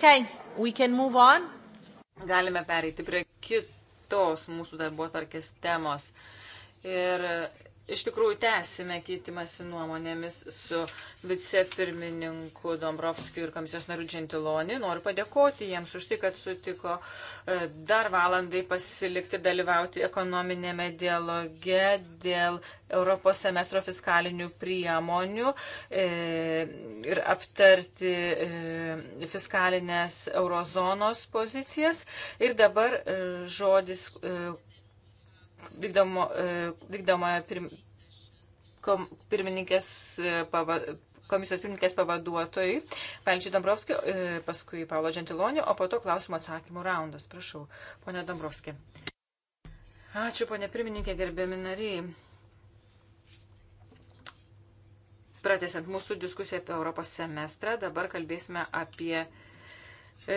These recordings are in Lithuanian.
Okay, we can move on. Galime pereiti prie kitos mūsų darbo tvarkės temos. Ir iš tikrųjų tęsime keitimąsi nuomonėmis su vicepirmininku Dombrovskiu ir komisijos nariu Džentiloni. Noriu padėkoti jiems už tai, kad sutiko e, dar valandai pasilikti dalyvauti ekonominėme dialoge dėl Europos semestro fiskalinių priemonių e, ir aptarti e, fiskalinės eurozonos pozicijas. Ir dabar žodis vykdomo, e, vykdoma pirm, kom, pirmininkės e, pava, komisijos pirmininkės pavaduotojai, Valčiui Dombrovskiu, e, paskui Paulo Gentilonio, o po to klausimo atsakymų raundas. Prašau, ponė Dombrovski. Ačiū, ponė pirmininkė, gerbėmi nariai. Pratesant mūsų diskusiją apie Europos semestrą, dabar kalbėsime apie E,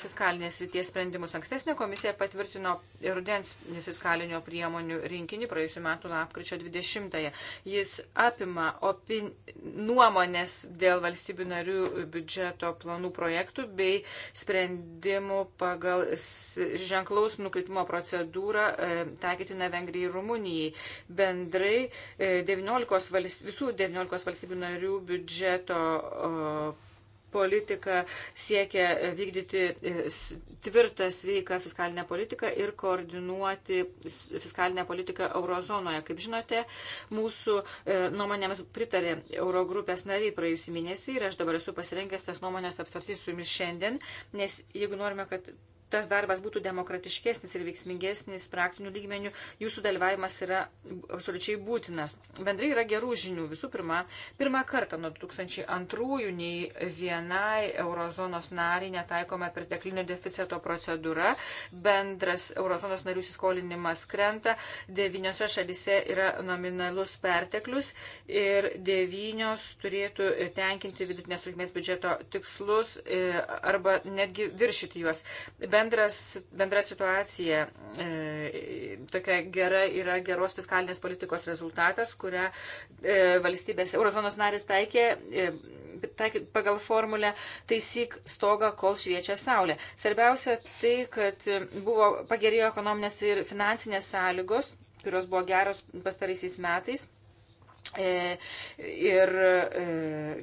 fiskalinės ryties sprendimus. Ankstesnė komisija patvirtino rudens fiskalinio priemonių rinkinį praėjusiu metu lapkričio 20-ąją. Jis apima opin... nuomonės dėl valstybių narių biudžeto planų projektų bei sprendimų pagal ženklaus nukritimo procedūrą e, taikytina Vengrijai ir Rumunijai. Bendrai 19 e, valst... visų 19 valstybių narių biudžeto politika siekia vykdyti e, tvirtą, sveiką fiskalinę politiką ir koordinuoti fiskalinę politiką eurozonoje. Kaip žinote, mūsų e, nuomonėms pritarė Eurogrupės nariai praėjusį mėnesį ir aš dabar esu pasirengęs tas nuomonės apsvarstyti su jumis šiandien, nes jeigu norime, kad tas darbas būtų demokratiškesnis ir veiksmingesnis praktinių lygmenių, jūsų dalyvavimas yra absoliučiai būtinas. Bendrai yra gerų žinių. Visų pirma, pirmą kartą nuo 2002 nei vienai eurozonos nariai netaikoma perteklinio deficito procedūra, bendras eurozonos narių įsiskolinimas krenta, devyniose šalise yra nominalus perteklius ir devynios turėtų tenkinti vidutinės trukmės biudžeto tikslus e, arba netgi viršyti juos bendras, bendra situacija e, tokia gera yra geros fiskalinės politikos rezultatas, kurią e, valstybės eurozonos narės taikė, e, taikė pagal formulę taisyk stogą, kol šviečia saulė. Svarbiausia tai, kad buvo pagerėjo ekonominės ir finansinės sąlygos, kurios buvo geros pastaraisiais metais. E, ir e,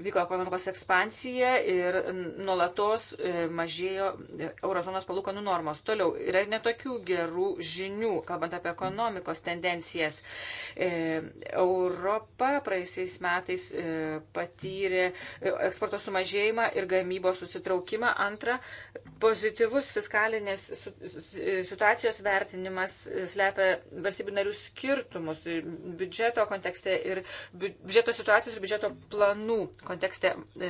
vyko ekonomikos ekspansija ir nuolatos e, mažėjo eurozonos palūkanų normos. Toliau yra netokių gerų žinių, kalbant apie ekonomikos tendencijas. Europa praėjusiais metais patyrė eksporto sumažėjimą ir gamybos susitraukimą. Antra, pozityvus fiskalinės situacijos vertinimas slepia valstybių narių skirtumus biudžeto kontekste ir biudžeto situacijos ir biudžeto planų kontekste. E,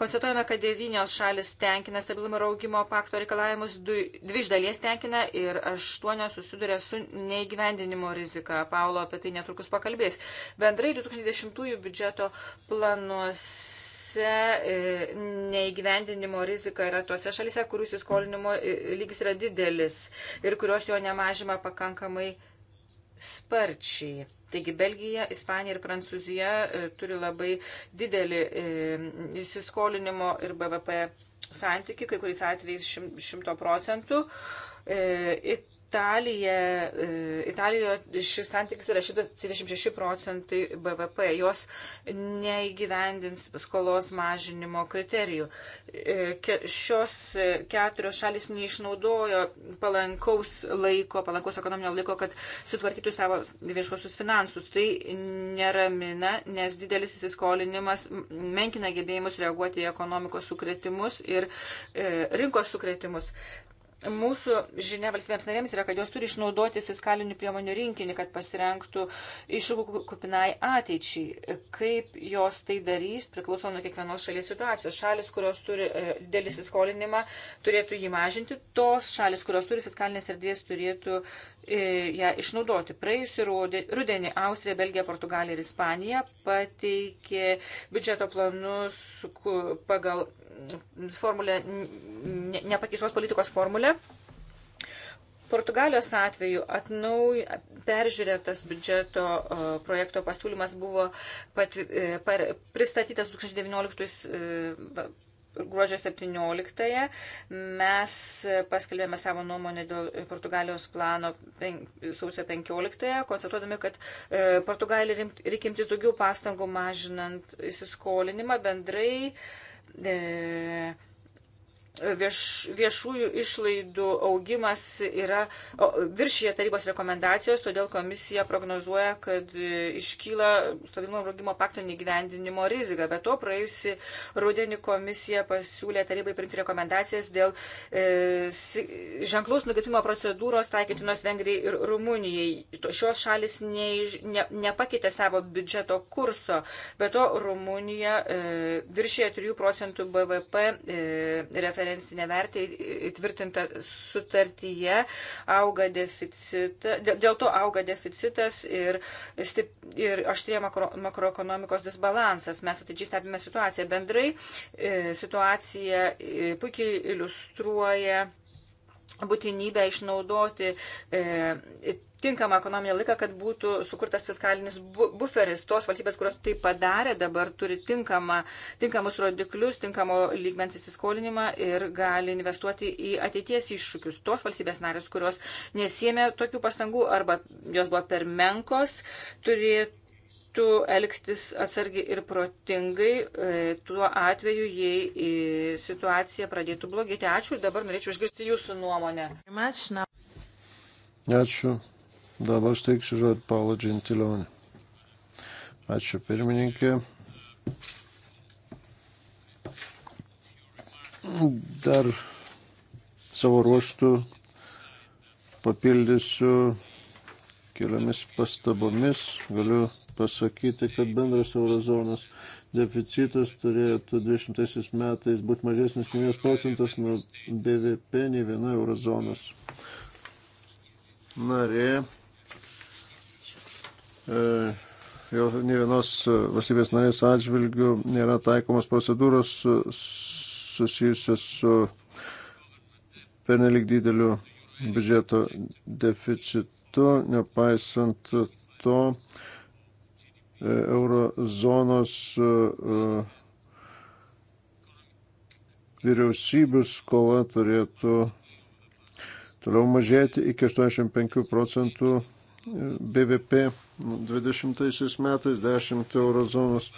konstatuojame, kad devynios šalis tenkina stabilumo ir augimo pakto reikalavimus, dvi iš dalies tenkina ir aštuonios susiduria su neįgyvendinimo rizika. Paulo apie tai netrukus pakalbės. Bendrai 2010 biudžeto planuose šalyse neįgyvendinimo rizika yra tuose šalyse, kurių įsiskolinimo e, lygis yra didelis ir kurios jo nemažima pakankamai sparčiai. Taigi Belgija, Ispanija ir Prancūzija e, turi labai didelį e, įsiskolinimo ir BVP santyki, kai kuriais atvejais 100 procentų. E, Italija, e, Italijoje šis santykis yra 136 procentai BVP, jos neįgyvendins skolos mažinimo kriterijų. E, šios e, keturios šalis neišnaudojo palankaus laiko, palankaus ekonominio laiko, kad sutvarkytų savo viešuosius finansus. Tai neramina, nes didelis įsiskolinimas menkina gebėjimus reaguoti į ekonomikos sukretimus ir rinkos sukretimus. Mūsų žinia valstybėms narėms yra, kad jos turi išnaudoti fiskalinių priemonių rinkinį, kad pasirenktų iššūkų kupinai ateičiai. Kaip jos tai darys, priklauso nuo kiekvienos šalies situacijos. Šalis, kurios turi e, dėlį įsiskolinimą, turėtų jį mažinti. Tos šalis, kurios turi fiskalinės erdvės, turėtų e, ją išnaudoti. Praėjusį rudenį Austrija, Belgija, Portugalija ir Ispanija pateikė biudžeto planus pagal formulė, ne, nepakeičiamos politikos formulė. Portugalijos atveju atnauj, peržiūrėtas biudžeto uh, projekto pasiūlymas buvo pat, uh, e, par, pristatytas 2019 uh, e, gruodžio 17-ąją. Mes paskelbėme savo nuomonę dėl Portugalijos plano penk, sausio 15-ąją, konstatuodami, kad Portugalija reikia imtis daugiau pastangų mažinant įsiskolinimą bendrai. Uh, de vieš, viešųjų išlaidų augimas yra viršyje tarybos rekomendacijos, todėl komisija prognozuoja, kad iškyla stabilumo ir augimo pakto negyvendinimo rizika. Be to, praėjusi rudenį komisija pasiūlė tarybai priimti rekomendacijas dėl e, ženklaus nugatimo procedūros taikytinos Vengrijai ir Rumunijai. Šios šalis neiž, ne, nepakeitė savo biudžeto kurso. Be to, Rumunija e, viršyje 3 procentų BVP e, referendumo referencinė vertė įtvirtinta sutartyje, auga deficita, dėl to auga deficitas ir, ir aštrėja makro, makroekonomikos disbalansas. Mes atidžiai stebime situaciją. Bendrai e, situacija e, puikiai iliustruoja būtinybę išnaudoti e, tinkamą ekonominį laiką, kad būtų sukurtas fiskalinis buferis. Tos valstybės, kurios tai padarė, dabar turi tinkamą, tinkamus rodiklius, tinkamo lygmens įsiskolinimą ir gali investuoti į ateities iššūkius. Tos valstybės narės, kurios nesėmė tokių pastangų arba jos buvo per menkos, turėtų reikėtų elgtis atsargiai ir protingai, e, tuo atveju, jei e, situacija pradėtų blogėti. Ačiū ir dabar norėčiau išgirsti jūsų nuomonę. Ačiū. Dabar steikšiu žodį Paulo Džentilionį. Ačiū pirmininkė. Dar savo ruoštų papildysiu keliomis pastabomis. Galiu pasakyti, kad bendras eurozonos deficitas turėtų 20 metais būti mažesnis nei 1 procentas nuo BVP nei viena eurozonos narė. E, jau ne vienos e, valstybės narės atžvilgių nėra taikomas procedūros e, susijusios su pernelik dideliu biudžeto deficitu, nepaisant to eurozonos vyriausybių skola turėtų toliau mažėti iki 85 procentų BVP 20 metais 10 eurozonos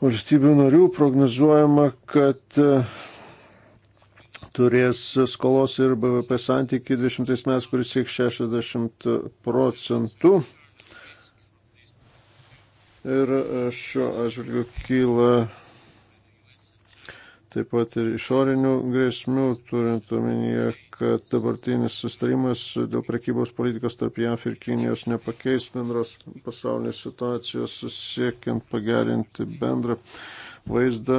valstybių narių prognozuojama, kad e, turės skolos ir BVP santyki 20 metais, kuris sieks 60 procentų. Ir e, šiuo atžvilgiu kyla taip pat ir išorinių grėsmių, turint omenyje, kad dabartinis sustarimas dėl prekybos politikos tarp JAF ir Kinijos nepakeis bendros pasaulinės situacijos, siekiant pagerinti bendrą vaizdą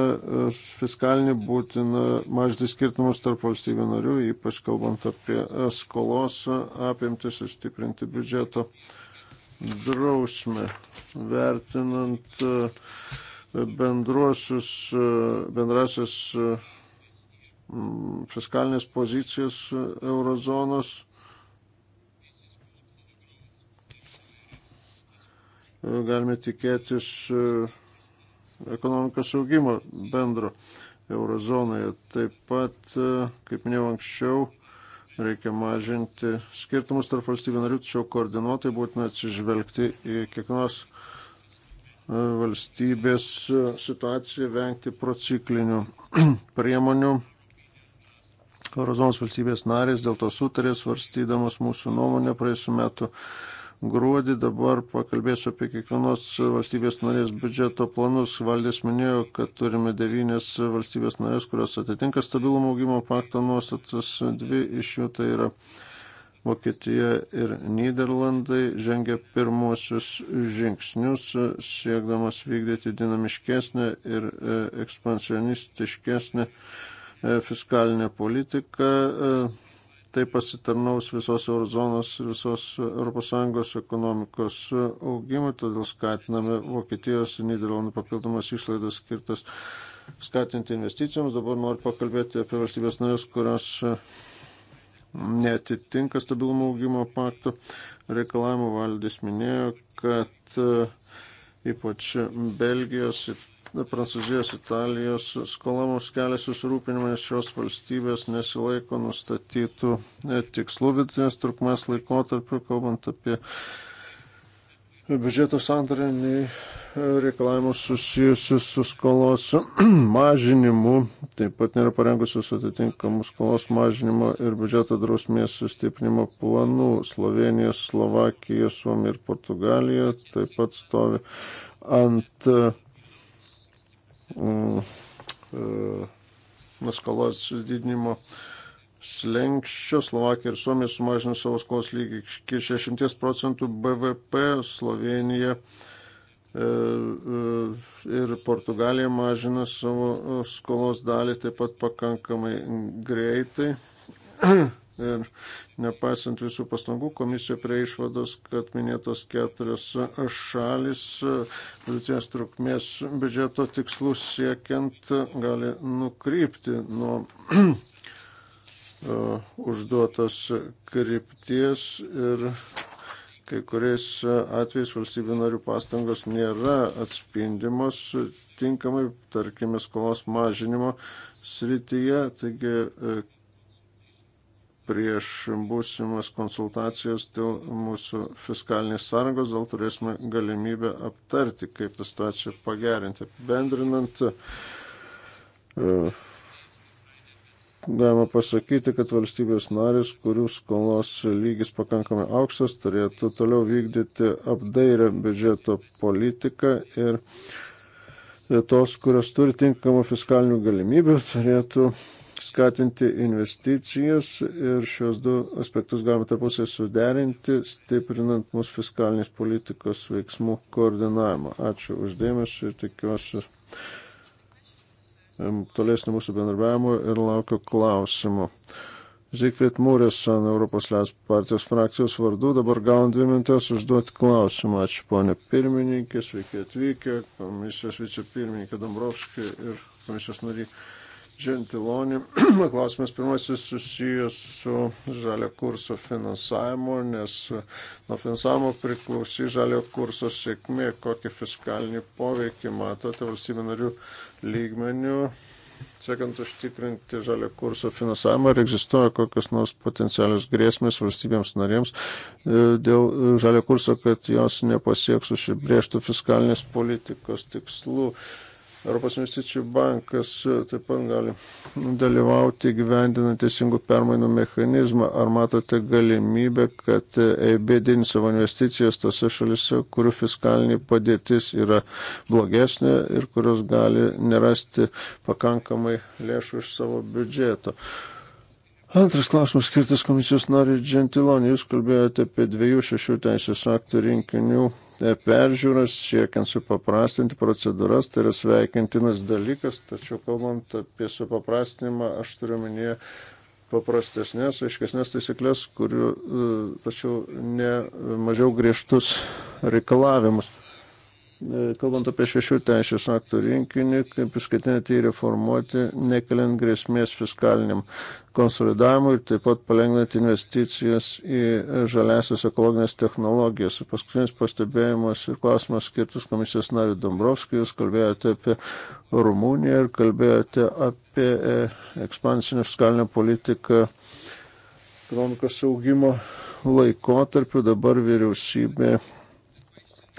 fiskalinį būtina mažinti skirtumus tarp valstybių narių, ypač kalbant apie skolos apimtis ir stiprinti biudžeto drausmę, vertinant uh, bendruosius, bendrasias mm, fiskalinės pozicijas eurozonos. Galime tikėtis ekonomikos augimo bendro eurozonoje. Taip pat, kaip minėjau anksčiau, reikia mažinti skirtumus tarp valstybių narių, tačiau koordinuotai būtina atsižvelgti į kiekvienos valstybės situaciją, vengti prociklinių priemonių. Eurozonos valstybės narės dėl to sutarė, svarstydamas mūsų nuomonę praėjusiu metu gruodį. Dabar pakalbėsiu apie kiekvienos valstybės narės biudžeto planus. Valdės minėjo, kad turime devynės valstybės narės, kurios atitinka stabilumo augimo pakto nuostatas. Dvi iš jų tai yra Vokietija ir Niderlandai žengia pirmuosius žingsnius, e, siekdamas vykdyti dinamiškesnę ir e, ekspansionistiškesnę e, fiskalinę politiką. Tai pasitarnaus visos eurozonos ir visos ES ekonomikos augimui, todėl skatiname Vokietijos ir Niderlandų papildomas išlaidas skirtas skatinti investicijoms. Dabar noriu pakalbėti apie valstybės narės, kurios netitinka stabilumo augimo pakto reikalavimų. Valdys minėjo, kad e, ypač Belgijos, Prancūzijos, Italijos skola mums kelia susirūpinimą, nes šios valstybės nesilaiko nustatytų e, tikslų vidutinės trukmės laikotarpiu, kalbant apie biudžeto sandarį, nei reikalavimus susijusius su skolos mažinimu, taip pat nėra parengusios atitinkamų skolos mažinimo ir biudžeto drausmės sustiprinimo planų. Slovenija, Slovakija, Suomija ir Portugalija taip pat stovi ant uh, uh, skolos didinimo slenkščio Slovakija ir Suomija sumažino savo skolos lygį iki 60 procentų BVP, Slovenija E, e, ir Portugalija mažina savo e, skolos dalį taip pat pakankamai greitai. Ir nepaisant visų pastangų, komisija prie išvados, kad minėtos keturios šalis vidutinės trukmės biudžeto tikslus siekiant gali nukrypti nuo užduotos krypties ir Kai kuriais atvejais valstybių narių pastangos nėra atspindimos tinkamai, tarkime, skolos mažinimo srityje. Taigi e, prieš būsimas konsultacijas dėl mūsų fiskalinės sąrangos, dėl turėsime galimybę aptarti, kaip tą situaciją pagerinti. Bendrinant, uh, galima pasakyti, kad valstybės narės, kurių skolos lygis pakankamai aukštas, turėtų toliau vykdyti apdairę biudžeto politiką ir tos, kurios turi tinkamų fiskalinių galimybių, turėtų skatinti investicijas ir šios du aspektus galime tarpusiai suderinti, stiprinant mūsų fiskalinės politikos veiksmų koordinavimą. Ačiū uždėmesi ir tikiuosi tolesnio mūsų bendarbiavimo ir laukiu klausimų. Zygfried Mūresan, Europos Liaus partijos frakcijos vardu, dabar gavom dvi minutės užduoti klausimą. Ačiū ponė pirmininkė, sveiki atvykę, komisijos vicepirmininkė Dombrovskė ir komisijos nariai Džentilonį. Klausimas pirmasis susijęs su žalio kurso finansavimu, nes nuo finansavimo priklausys žalio kurso sėkmė, kokį fiskalinį poveikį matote valstybių narių lygmenių. Sekant užtikrinti žalio kurso finansavimą, ar egzistuoja kokios nors potencialios grėsmės valstybėms narėms e, dėl žalio kurso, kad jos nepasieks užsibrieštų fiskalinės politikos tikslų. Europos investicijų bankas e, taip pat gali dalyvauti gyvendinant teisingų permainų mechanizmą. Ar matote galimybę, kad EIB e didins savo investicijas tose šalise, kurių fiskalinė padėtis yra blogesnė ir kurios gali nerasti pakankamai lėšų iš savo biudžeto? Antras klausimas skirtas komisijos nariui Gentilonį. Jūs kalbėjote apie dviejų šešių teisės aktų rinkinių E, peržiūras, siekiant supaprastinti procedūras, tai yra sveikintinas dalykas, tačiau kalbant apie supaprastinimą, aš turiu minėję paprastesnės, aiškesnės taisyklės, kurių e, tačiau ne mažiau griežtus reikalavimus. E, kalbant apie šešių teisės aktų rinkinį, kaip jūs ketinate tai jį reformuoti, nekeliant grėsmės fiskaliniam konsolidavimui ir taip pat palengvinant investicijas į žaliasias ekologinės technologijas. Paskutinis pastebėjimas ir klausimas skirtas komisijos nariu Dombrovskijui. Jūs kalbėjote apie Rumuniją ir kalbėjote apie e, ekspansinę fiskalinę politiką ekonomikos augimo laikotarpiu. Dabar vyriausybė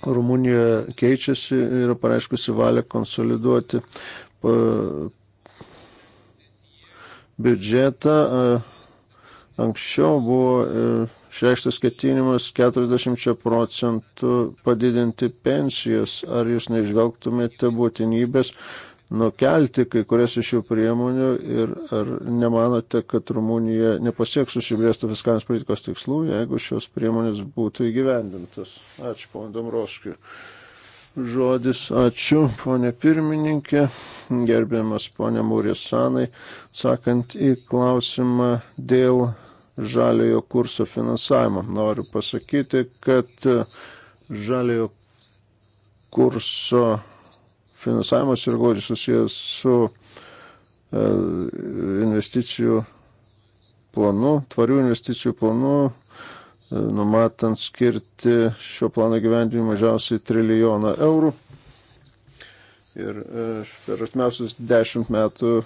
Rumunija keičiasi ir yra pareiškusi valią konsoliduoti biudžetą. Anksčiau buvo e, išreikštas ketinimas 40 procentų padidinti pensijas. Ar jūs neižvelgtumėte būtinybės nukelti kai kurias iš šių priemonių ir ar nemanote, kad Rumunija nepasieks užsibrėžtų fiskalinės politikos tikslų, jeigu šios priemonės būtų įgyvendintas? Ačiū, ponė Domrovskiu. Žodis ačiū, ponė pirmininkė, gerbiamas ponė Mūrėsanai, sakant į klausimą dėl žaliojo kurso finansavimo. Noriu pasakyti, kad žaliojo kurso finansavimas yra glaudžiai susijęs su e, investicijų planu, tvarių investicijų planu, e, numatant skirti šio plano gyvendinimui mažiausiai trilijoną eurų. Ir e, per atmiausius dešimt metų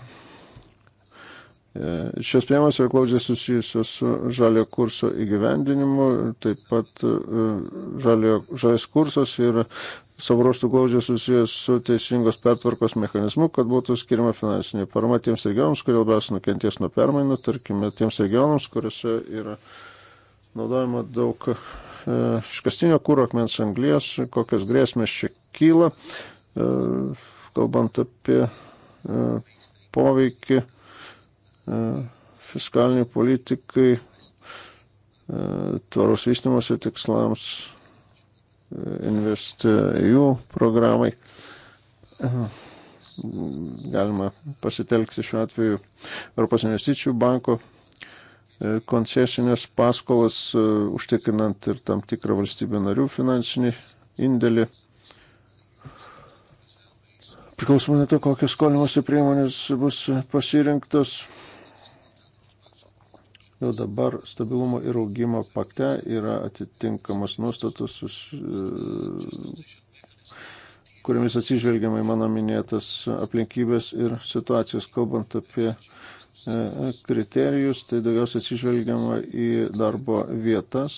Šios priemonės yra glaudžiai susijusios su žalio kurso įgyvendinimu, taip pat žalio, žalias kursas yra savo ruoštų glaudžiai susijęs su teisingos pertvarkos mechanizmu, kad būtų skirima finansinė parama tiems regionams, kurie labiausiai nukenties nuo permainų, tarkime, tiems regionams, kuriuose yra naudojama daug e, iškastinio kūro, akmens anglies, kokios grėsmės čia kyla, e, kalbant apie e, poveikį fiskaliniai politikai, tvaros vystimosi tikslams investijų e, programai. Galima pasitelkti šiuo atveju Europos investicijų banko e, koncesinės paskolas, e, užtikrinant ir tam tikrą valstybę narių finansinį indėlį. Priklausomai nuo to, kokios skolimosi priemonės bus pasirinktos, Jau nu, dabar stabilumo ir augimo pakte yra atitinkamas nuostatus, e, kuriamis atsižvelgiamai mano minėtas aplinkybės ir situacijas, kalbant apie e, kriterijus, tai daugiausia atsižvelgiama į darbo vietas,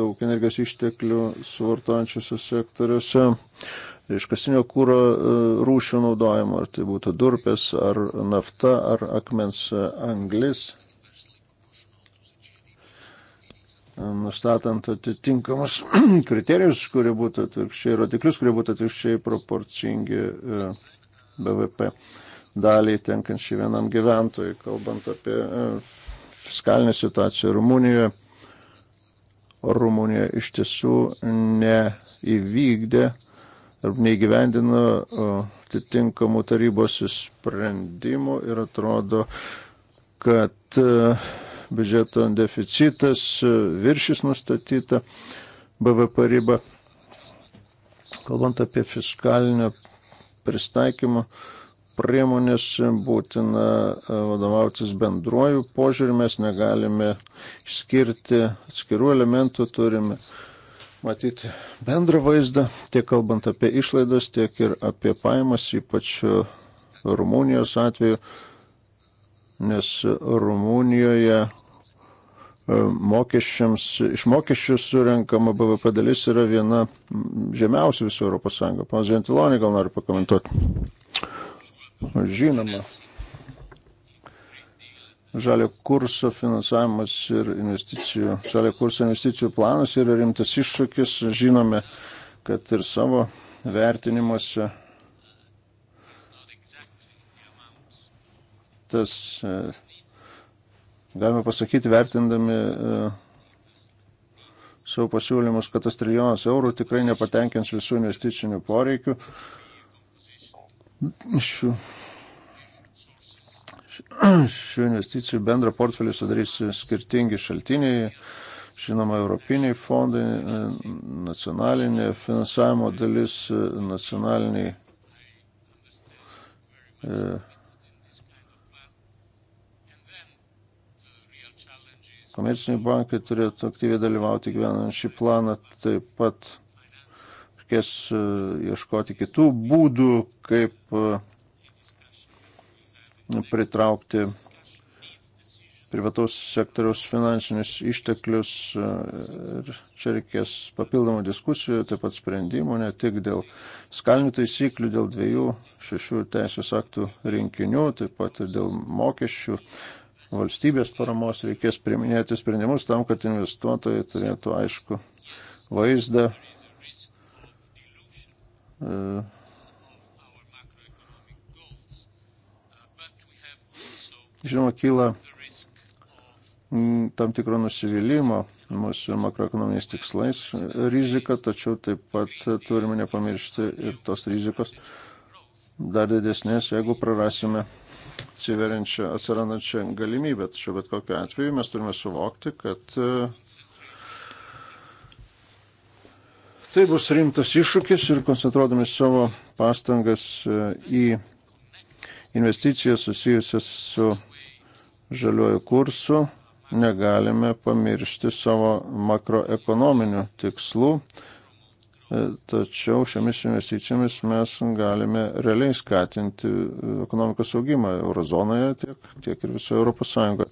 daug energijos išteklių suvartojančiuose sektoriuose, iškastinio kūro e, rūšių naudojimo, ar tai būtų durpės, ar nafta, ar akmens anglis. nustatant atitinkamus kriterijus, kurie būtų atvirkščiai, rodiklius, kurie būtų atvirkščiai proporcingi e, BVP daliai tenkančiai vienam gyventojui, kalbant apie e, fiskalinę situaciją Rumunijoje. Rumunija iš tiesų neįvykdė ar neįgyvendino e, atitinkamų tarybos sprendimų ir atrodo, kad uh, biudžeto deficitas e, viršys nustatytą BVP ribą. Kalbant apie fiskalinio pristaikymo priemonės, būtina e, vadovautis bendruoju požiūriu, mes negalime išskirti atskirų elementų, turime matyti bendrą vaizdą, tiek kalbant apie išlaidas, tiek ir apie pajamas, ypač Rumunijos atveju nes Rumunijoje e, mokesčiams, iš mokesčių surinkama BVP dalis yra viena žemiausių visų Europos Sąjungo. Pana Zentilonė gal nori pakomentuoti. Žinoma. Žalio kurso finansavimas ir investicijų, žalio kurso investicijų planas yra rimtas iššūkis. Žinome, kad ir savo vertinimuose tas, e, galime pasakyti, vertindami e, savo pasiūlymus, kad tas trilijonas eurų tikrai nepatenkins visų investicinių poreikių. Šių, šių investicijų bendrą portfelį sudarys skirtingi šaltiniai, žinoma, europiniai fondai, e, nacionalinė finansavimo dalis, nacionaliniai. E, Komerciniai bankai turėtų aktyviai dalyvauti gyvenant šį planą. Taip pat reikės e, ieškoti kitų būdų, kaip e, pritraukti privataus sektoriaus finansinius išteklius. E, ir čia reikės papildomų diskusijų, taip pat sprendimų, ne tik dėl skalinių taisyklių, dėl dviejų šešių teisės aktų rinkinių, taip pat ir dėl mokesčių valstybės paramos reikės priminėti sprendimus tam, kad investuotojai turėtų aišku vaizdą e, Žinoma, kyla tam tikro nusivylimo mūsų makroekonominiais tikslais rizika, tačiau taip pat turime nepamiršti ir tos rizikos dar didesnės, jeigu prarasime atsiveriančią, atsirandančią galimybę. Tačiau bet kokiu atveju mes turime suvokti, kad e, tai bus rimtas iššūkis ir koncentruodami savo pastangas e, į investicijas susijusias su žaliuoju kursu, negalime pamiršti savo makroekonominių tikslų E, tačiau šiomis investicijomis mes galime realiai skatinti e, ekonomikos augimą eurozonoje tiek, tiek ir visoje Europos Sąjungoje.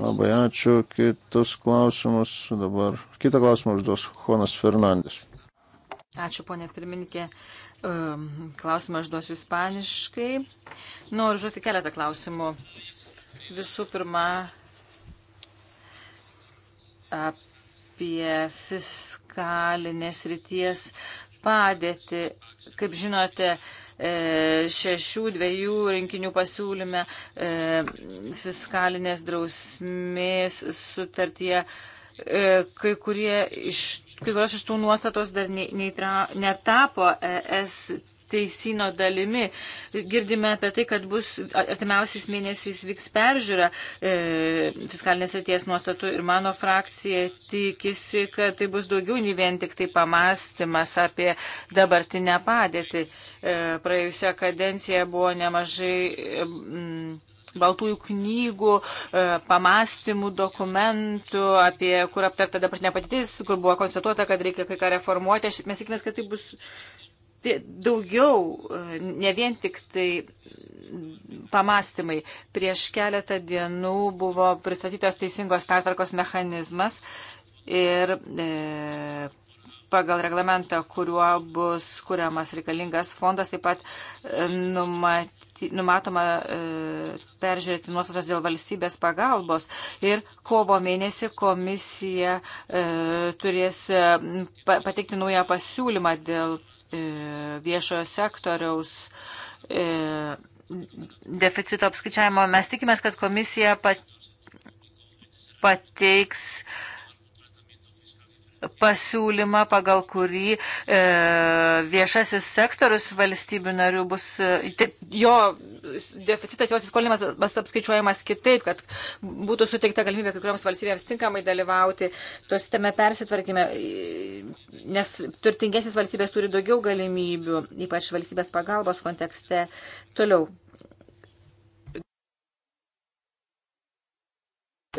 Labai ačiū. Kitus klausimus dabar. Kitą klausimą užduos Jonas Fernandes. Ačiū, ponė pirmininkė. E, klausimą aš duosiu ispaniškai. Noriu žuoti keletą klausimų. Visų pirma, ap apie fiskalinės ryties padėtį. Kaip žinote, e, šešių dviejų rinkinių pasiūlyme e, fiskalinės drausmės sutartie e, kai, kurie iš, kai kurios iš tų nuostatos dar ne, ne, netapo ES teisino dalimi. Girdime apie tai, kad bus artimiausiais mėnesiais vyks peržiūra e, fiskalinės ateities nuostatų ir mano frakcija tikisi, kad tai bus daugiau nei vien tik tai pamastymas apie dabartinę padėtį. E, praėjusią kadenciją buvo nemažai. E, m, baltųjų knygų, e, pamastymų, dokumentų, apie kur aptarta dabartinė patytis, kur buvo konstatuota, kad reikia kai ką reformuoti. Aš mes tikimės, kad tai bus daugiau, e, ne vien tik tai pamastymai. Prieš keletą dienų buvo pristatytas teisingos pertvarkos mechanizmas ir e, pagal reglamentą, kuriuo bus kuriamas reikalingas fondas, taip pat e, numati, numatoma e, peržiūrėti nuostatas dėl valstybės pagalbos. Ir kovo mėnesį komisija e, turės pateikti naują pasiūlymą dėl E, viešojo sektoriaus e, deficito apskaičiavimo. Mes tikimės, kad komisija pateiks pasiūlymą, pagal kurį e, viešasis sektorius valstybių narių bus, tai jo deficitas, jos įskolimas bus apskaičiuojamas kitaip, kad būtų suteikta galimybė kai kuriuoms valstybėms tinkamai dalyvauti tos tame persitvarkime, nes turtingesnis valstybės turi daugiau galimybių, ypač valstybės pagalbos kontekste. Toliau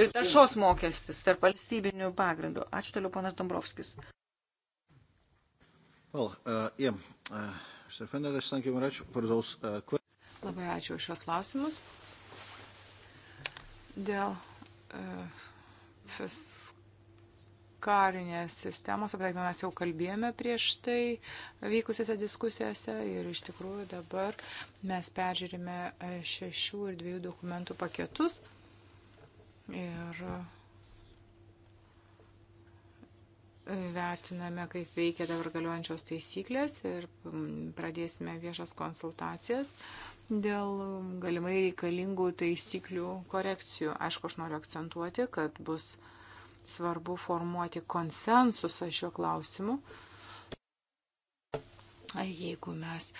ir taršos mokestis tarp valstybinių pagrindų. Ačiū toliau, ponas Dombrovskis. Well, uh, yeah. uh, uh Labai ačiū už šios klausimus. Dėl uh, fiskalinės sistemos, apie tai mes jau kalbėjome prieš tai vykusiose diskusijose ir iš tikrųjų dabar mes peržiūrime uh, šešių ir dviejų dokumentų paketus Ir vertiname, kaip veikia dabar galiojančios taisyklės ir mm, pradėsime viešas konsultacijas dėl galimai reikalingų taisyklių korekcijų. Aišku, aš noriu akcentuoti, kad bus svarbu formuoti konsensusą šiuo klausimu jeigu mes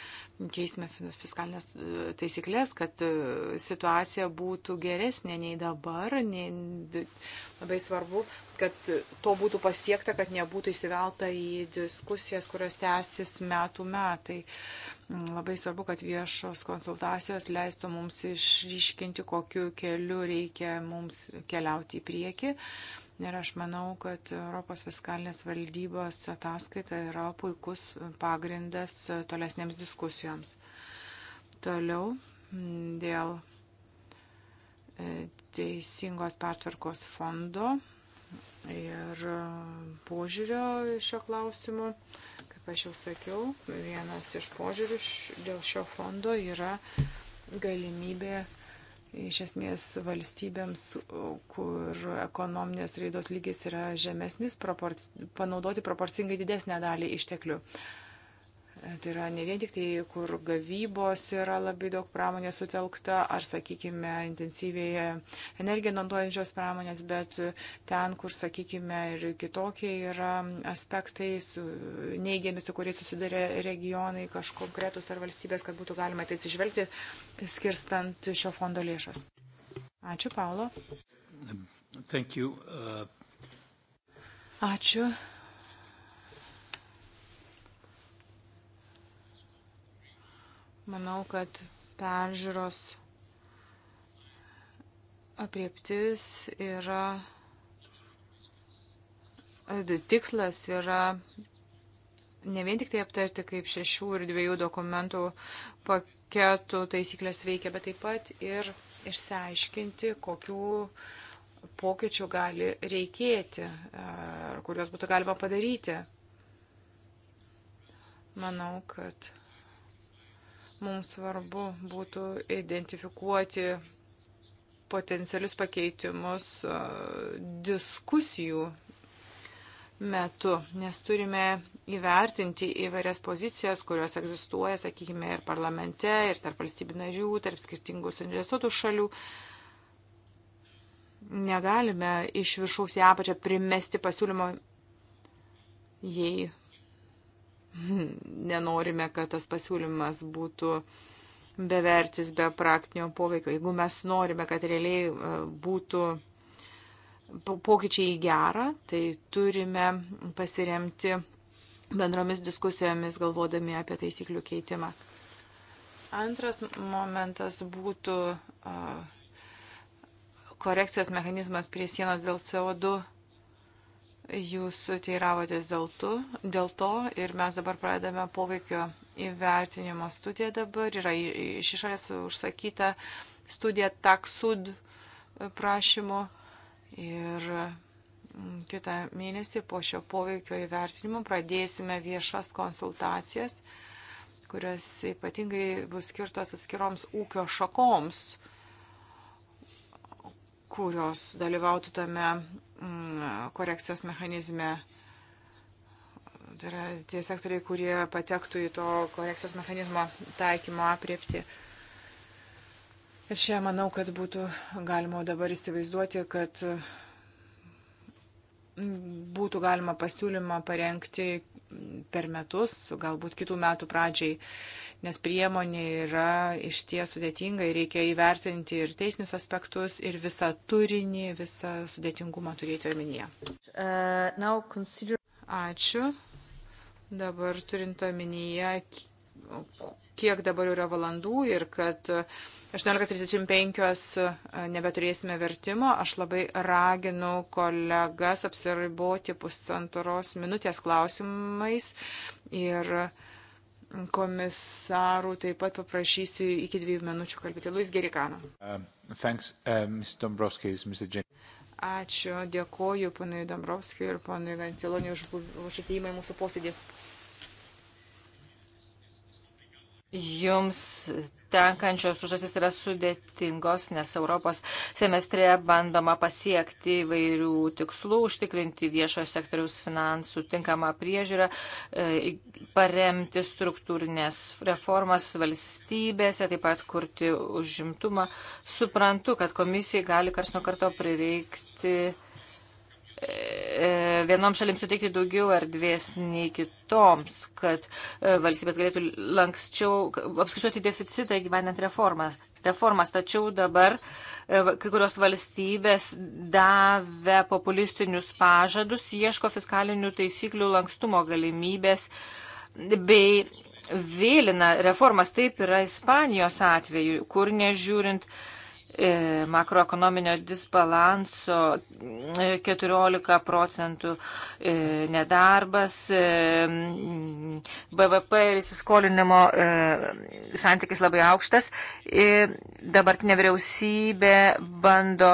keisime fiskalinės e, taisyklės, kad e, situacija būtų geresnė nei dabar. Nei, labai svarbu, kad to būtų pasiekta, kad nebūtų įsivelta į diskusijas, kurios tęsis metų metai. Mm, labai svarbu, kad viešos konsultacijos leistų mums išryškinti, kokiu keliu reikia mums keliauti į priekį. Ir aš manau, kad Europos fiskalinės valdybos ataskaita yra puikus pagrindas tolesnėms diskusijoms. Toliau dėl e, teisingos pertvarkos fondo ir požiūrio šio klausimu. Kaip aš jau sakiau, vienas iš požiūrių dėl šio fondo yra galimybė iš esmės valstybėms, kur ekonominės raidos lygis yra žemesnis, proporc panaudoti proporcingai didesnę dalį išteklių. Uh, Tai yra ne vien tik tai, kur gavybos yra labai daug pramonės sutelkta, ar, sakykime, intensyviai energiją naudojančios pramonės, bet ten, kur, sakykime, ir kitokie yra aspektai su, neigiami, su kuriais susiduria regionai, kažkonkretus ar valstybės, kad būtų galima tai atsižvelgti, skirstant šio fondo lėšas. Ačiū, Paulo. Thank you. Uh... Ačiū. Manau, kad peržiūros apriektis yra, tikslas yra ne vien tik tai aptarti, kaip šešių ir dviejų dokumentų paketų taisyklės veikia, bet taip pat ir išsiaiškinti, kokiu pokyčių gali reikėti, ar kuriuos būtų galima padaryti. Manau, kad Mums svarbu būtų identifikuoti potencialius pakeitimus diskusijų metu, nes turime įvertinti įvairias pozicijas, kurios egzistuoja, sakykime, ir parlamente, ir tarp valstybių narių, tarp skirtingų suinteresuotų šalių. Negalime iš viršaus į apačią primesti pasiūlymo, jei nenorime, kad tas pasiūlymas būtų bevertis be praktinio poveikio. Jeigu mes norime, kad realiai e, būtų pokyčiai į gerą, tai turime pasiremti bendromis diskusijomis, galvodami apie taisyklių keitimą. Antras momentas būtų korekcijos mechanizmas prie sienos dėl CO2 Jūs teiravotės dėl, tu, dėl to ir mes dabar pradedame poveikio įvertinimo studiją dabar. Yra iš išorės užsakyta studija taksud prašymu ir mm, kitą mėnesį po šio poveikio įvertinimo pradėsime viešas konsultacijas, kurios ypatingai bus skirtos atskiroms ūkio šakoms kurios dalyvautų tame Mm, korekcijos mechanizme. Tai yra tie sektoriai, kurie patektų į to korekcijos mechanizmo taikymo apriepti. Ir čia manau, kad būtų galima dabar įsivaizduoti, kad būtų galima pasiūlymą parengti per metus, galbūt kitų metų pradžiai, nes priemonė yra iš ties sudėtinga ir reikia įvertinti ir teisinius aspektus, ir visą turinį, visą sudėtingumą turėti omenyje. Uh, consider... Ačiū. Dabar turint omenyje, kiek dabar yra valandų ir kad 18.35 e, nebeturėsime vertimo. Aš labai raginu kolegas apsiriboti pusantoros minutės klausimais ir komisarų taip pat paprašysiu iki dviejų minučių kalbėti. Luis Gerikano. Um, thanks, um, uh, Mr. Ačiū, dėkoju panui Dombrovskijui ir panui Gantiloniui už, už ateimą į mūsų posėdį. jums tenkančios užduotis yra sudėtingos, nes Europos semestre bandoma pasiekti įvairių tikslų, užtikrinti viešojo sektoriaus finansų tinkamą priežiūrą, e, paremti struktūrinės reformas valstybėse, taip pat kurti užimtumą. Suprantu, kad komisijai gali kars nuo karto prireikti E, vienom šalims suteikti daugiau erdvės nei kitoms, kad e, valstybės galėtų lankščiau apskaičiuoti deficitą įgyvenant reformas. reformas. Tačiau dabar e, kai kurios valstybės davė populistinius pažadus, ieško fiskalinių taisyklių lankstumo galimybės bei vėlina reformas. Taip yra Ispanijos atveju, kur nežiūrint uh, E, makroekonominio disbalanso 14 e, procentų e, nedarbas, BVP ir įsiskolinimo santykis labai aukštas. Dabartinė vyriausybė bando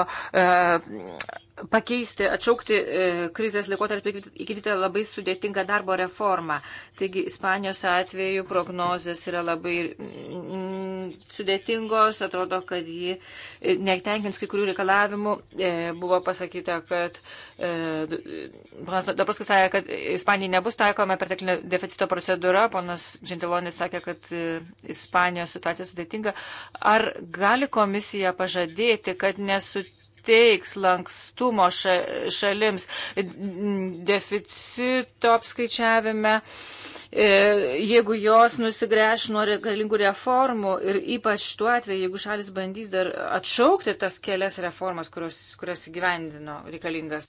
pakeisti, atšaukti e, krizės laikotarpį įgydytą labai sudėtingą darbo reformą. Taigi Ispanijos atveju prognozės yra labai mm, sudėtingos, atrodo, kad ji e, netenkins kai kurių reikalavimų. E, buvo pasakyta, kad ponas Dabruskas sakė, kad Ispanijai nebus taikoma perteklinio deficito procedūra, ponas Žintilonis sakė, kad Ispanijos situacija sudėtinga. Ar gali komisija pažadėti, kad nesutiks suteiks lankstumo šalims deficito apskaičiavime e, jeigu jos nusigręš nuo reikalingų reformų ir ypač tuo atveju, jeigu šalis bandys dar atšaukti tas kelias reformas, kurios, kurios įgyvendino reikalingas.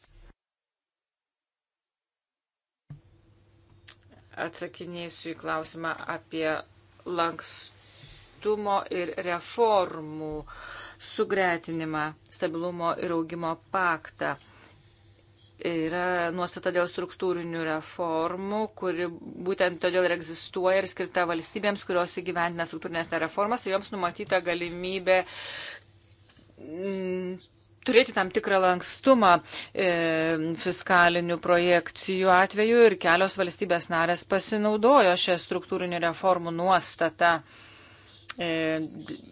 Atsakinėsiu į klausimą apie lankstumo ir reformų uh, sugretinimą, stabilumo ir augimo paktą. Yra nuostata dėl struktūrinių reformų, kuri būtent todėl ir egzistuoja ir skirta valstybėms, kurios įgyvendina struktūrinės reformas ir tai joms numatyta galimybė mm, turėti tam tikrą lankstumą e, fiskalinių projekcijų atveju ir kelios valstybės narės pasinaudojo šią struktūrinį reformų nuostatą. E, E,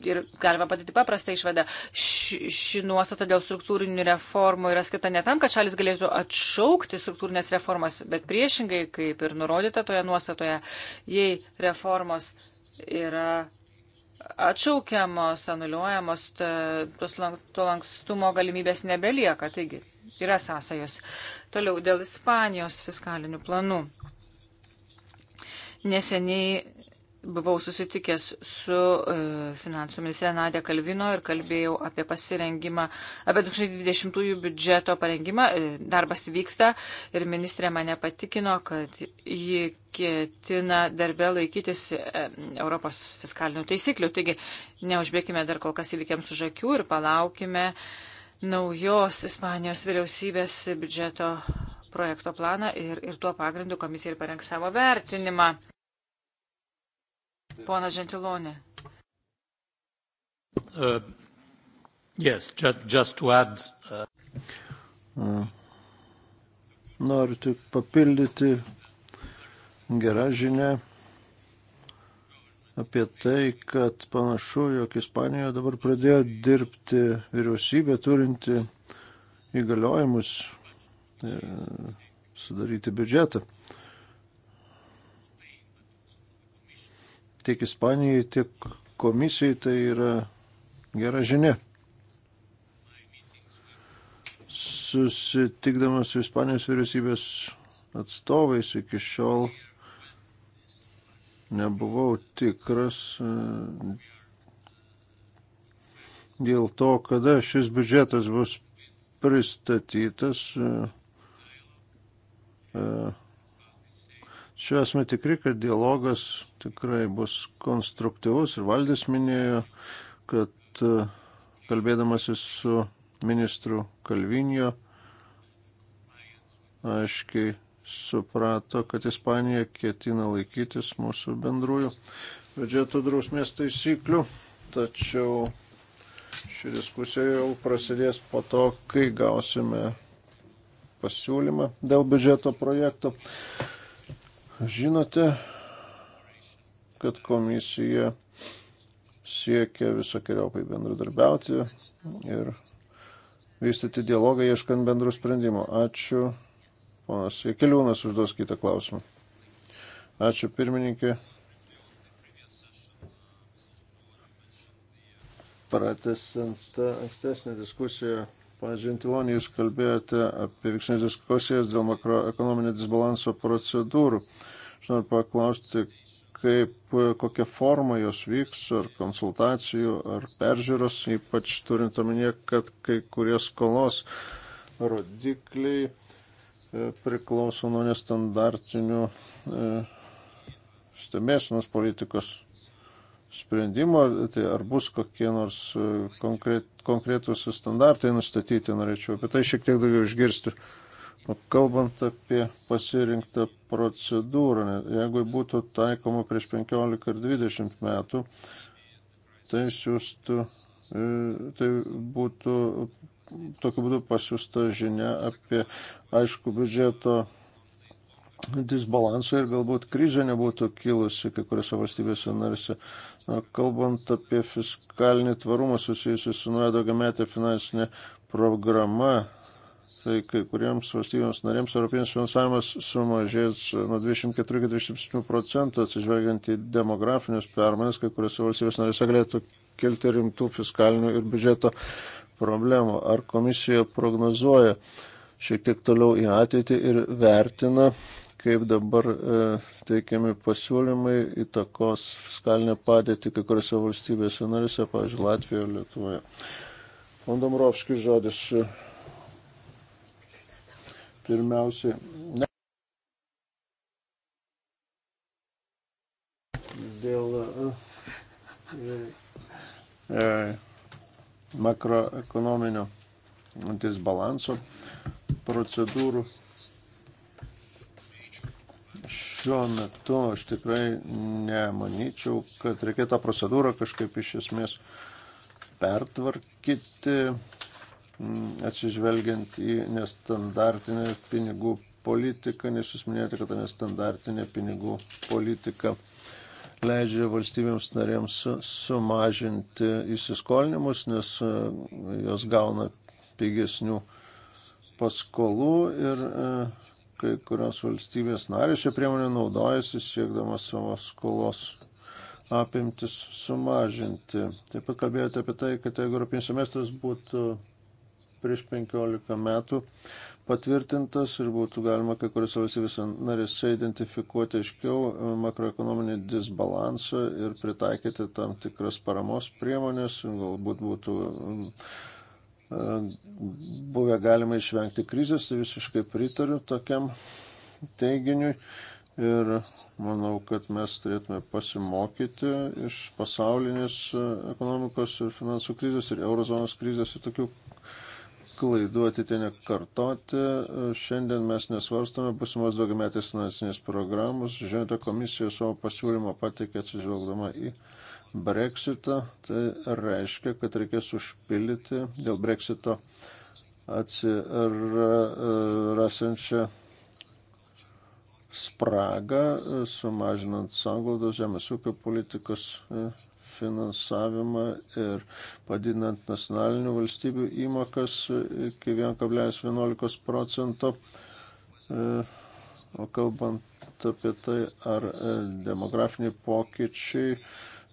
ir galima padaryti paprastą išvadą. Ši, ši nuostata dėl struktūrinių reformų yra skirta ne tam, kad šalis galėtų atšaukti struktūrinės reformas, bet priešingai, kaip ir nurodyta toje nuostatoje, jei reformos yra atšaukiamos, anuliuojamos, tos to lankstumo galimybės nebelieka. Taigi yra sąsajos. Toliau dėl Ispanijos fiskalinių planų. Neseniai buvau susitikęs su e, finansų ministrė Nadė Kalvino ir kalbėjau apie pasirengimą, apie 2020 biudžeto parengimą. E, darbas vyksta ir ministrė mane patikino, kad ji ketina darbę laikytis e, Europos fiskalinių taisyklių. Taigi neužbėkime dar kol kas įvykiams už akių ir palaukime naujos Ispanijos vyriausybės biudžeto projekto planą ir, ir tuo pagrindu komisija ir parengs savo vertinimą. Pona Žentilonė. Uh, yes, just, just to add. Uh... Uh, noriu tik papildyti gerą žinę apie tai, kad panašu, jog Ispanijoje dabar pradėjo dirbti vyriausybė turinti įgaliojimus e, sudaryti biudžetą. tiek Ispanijai, tiek komisijai tai yra gera žinia. Susitikdamas su Ispanijos vyriausybės atstovais iki šiol nebuvau tikras e, dėl to, kada šis biudžetas bus pristatytas. Uh, Čia esame tikri, kad dialogas tikrai bus konstruktyvus ir valdys minėjo, kad e, kalbėdamasis su ministru Kalvinio aiškiai suprato, kad Ispanija ketina laikytis mūsų bendrųjų biudžeto drausmės taisyklių, tačiau ši diskusija jau prasidės po to, kai gausime pasiūlymą dėl biudžeto projekto. Žinote, kad komisija siekia visokiojopai bendradarbiauti ir vystyti dialogą ieškant bendrų sprendimų. Ačiū. Ponas Jekeliūnas užduos kitą klausimą. Ačiū pirmininkė. Pratesant ankstesnę diskusiją, pažintilonį jūs kalbėjote apie vyksnės diskusijas dėl makroekonominio disbalanso procedūrų. Aš noriu paklausti, kaip, kokia forma jos vyks, ar konsultacijų, ar peržiūros, ypač turint omenyje, kad kai kurie skolos rodikliai e, priklauso nuo nestandartinių e, stebėsinos politikos sprendimo, tai ar bus kokie nors e, konkret, konkretus standartai nustatyti, norėčiau apie tai šiek tiek daugiau išgirsti. Uh, Kalbant apie pasirinktą procedūrą, jeigu būtų taikoma prieš 15 ar 20 metų, tai, siūstų, e, tai būtų tokiu būdu pasiūsta žinia apie aišku biudžeto disbalansą ir galbūt krizė nebūtų kilusi kai kuriuose valstybėse narse. Kalbant apie fiskalinį tvarumą susijusiu su nuoja daugiametė finansinė programa, Tai kai kuriems valstybėms narėms europinis finansavimas sumažės nuo 24-27 procentų, atsižvelgiant į demografinius permainas, kai kuriuose valstybės narėse galėtų kilti rimtų fiskalinių ir biudžeto problemų. Ar komisija prognozuoja šiek tiek toliau į ateitį ir vertina, kaip dabar e, teikiami pasiūlymai įtakos fiskalinę padėtį kai kuriuose valstybėse narėse, pavyzdžiui, Latvijoje ir Lietuvoje. Pondomorovskis žodis. E, pirmiausiai. Ne. Dėl e, e, e, makroekonominio disbalanso procedūrų. Šiuo metu aš tikrai nemanyčiau, kad reikėtų tą procedūrą kažkaip iš esmės pertvarkyti Mm, atsižvelgiant į nestandartinę pinigų politiką, nes jūs minėjote, kad ta nestandartinė pinigų politika leidžia valstybėms narėms sumažinti įsiskolinimus, nes e, jos gauna pigesnių paskolų ir e, kai kurios valstybės narės šią priemonę naudojasi siekdamas savo skolos apimtis sumažinti. Taip pat kalbėjote apie tai, kad jeigu europinis semestras būtų prieš 15 metų patvirtintas ir būtų galima kai kuriuose valstybėse narėse identifikuoti aiškiau e, makroekonominį disbalansą ir pritaikyti tam tikras paramos priemonės, galbūt būtų e, buvę galima išvengti krizės, tai visiškai pritariu tokiam teiginiui. Ir manau, kad mes turėtume pasimokyti iš pasaulinės e, ekonomikos ir finansų krizės ir eurozonos krizės ir tokių klaidų atitinę kartoti. Šiandien mes nesvarstame būsimos daugiametės finansinės programos. Žinote, komisija savo pasiūlymą pateikė atsižvelgdama į Brexitą. Tai reiškia, kad reikės užpildyti dėl Brexito atsirasančią spragą, sumažinant sanglaudos žemės ūkio politikos finansavimą ir padidinant nacionalinių valstybių įmokas iki 1,11 procento. E, o kalbant apie tai, ar e, demografiniai pokyčiai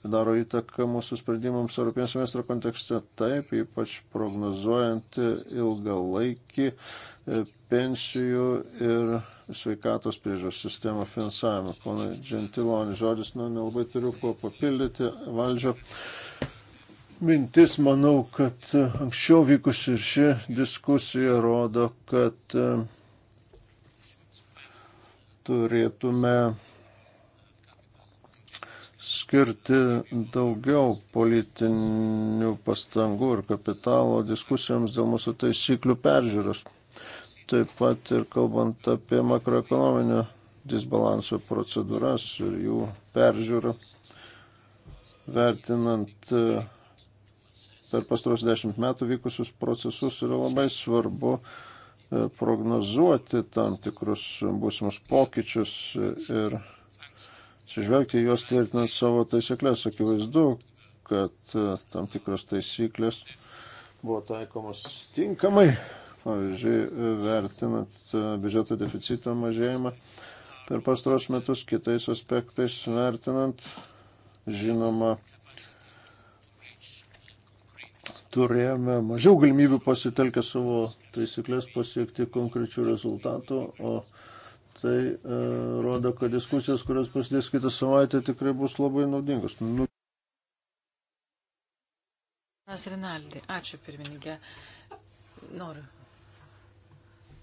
daro įtaką mūsų sprendimams Europinės semestro kontekste, taip, ypač prognozuojant ilgalaikį e, pensijų ir sveikatos priežiūros sistemą finansavimą. Pana Gentilonė, žodis, nu, nelabai turiu kuo papildyti valdžio. Mintis, manau, kad anksčiau vykusi ir ši diskusija rodo, kad e, turėtume skirti daugiau politinių pastangų ir kapitalo diskusijoms dėl mūsų taisyklių peržiūros. Taip pat ir kalbant apie makroekonominio disbalanso procedūras ir jų peržiūrą, vertinant e, per pastaros dešimt metų vykusius procesus yra labai svarbu e, prognozuoti tam tikrus būsimus pokyčius ir atsižvelgti juos tvirtinant savo taisyklės. Akivaizdu, kad e, tam tikros taisyklės buvo taikomas tinkamai, pavyzdžiui, vertinant e, biudžeto deficito mažėjimą per pastaros metus, kitais aspektais vertinant, žinoma, turėjome mažiau galimybių pasitelkę savo taisyklės pasiekti konkrečių rezultatų, o Tai e, rodo, kad diskusijos, kurios prasidės kitą savaitę, tikrai bus labai naudingos. Nu... Nas Rinaldi, ačiū pirmininkė. Noriu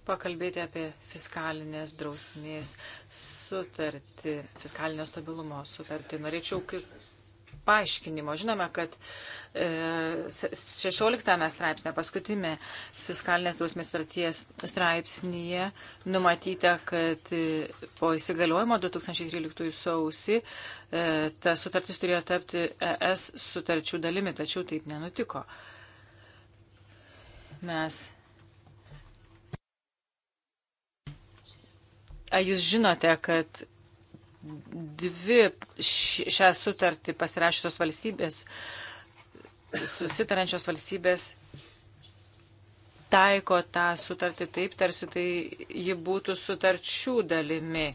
pakalbėti apie fiskalinės drausmės sutartį, fiskalinio stabilumo sutartį. Norėčiau kai paaiškinimo. Žinome, kad 16 e, straipsnė, paskutinė fiskalinės drausmės sutarties straipsnėje numatyta, kad e, po įsigaliojimo 2013 sausi e, ta sutartis turėjo tapti ES sutarčių dalimi, tačiau taip nenutiko. Mes Jūs žinote, kad dvi šią sutartį pasirašytos valstybės, susitarančios valstybės taiko tą sutartį taip, tarsi tai ji būtų sutarčių dalimi.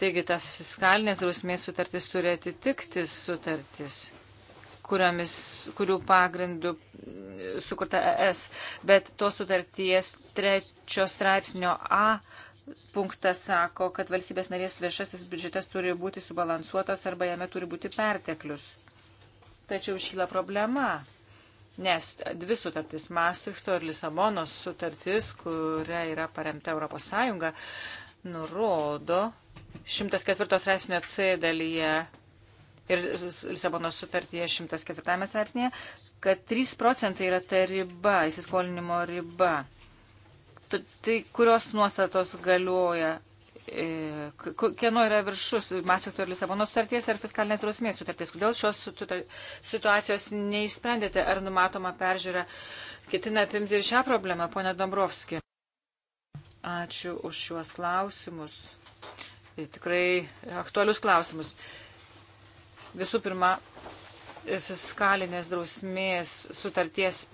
Taigi ta fiskalinės drausmės sutartis turi atitikti sutartis kuriomis, kurių pagrindų sukurta ES, bet to sutarties trečio straipsnio A punktas sako, kad valstybės narės viešasis biudžetas turi būti subalansuotas arba jame turi būti perteklius. Tačiau iškyla problema, nes dvi sutartys - Maastrichto ir Lisabonos sutartis, kuria yra paremta ES, nurodo 104 straipsnio C dalyje ir Lisabonos sutartyje 104 straipsnėje, kad 3 procentai yra ta riba, įsiskolinimo riba tai kurios nuostatos galioja, e, kieno yra viršus Masikto ir Lisabono sutarties ar fiskalinės drausmės sutarties. Kodėl šios situacijos neįsprendėte, ar numatoma peržiūra ketina apimti ir šią problemą, ponė Dombrovski? Ačiū už šiuos klausimus. E, tikrai aktualius klausimus. Visų pirma, fiskalinės drausmės sutarties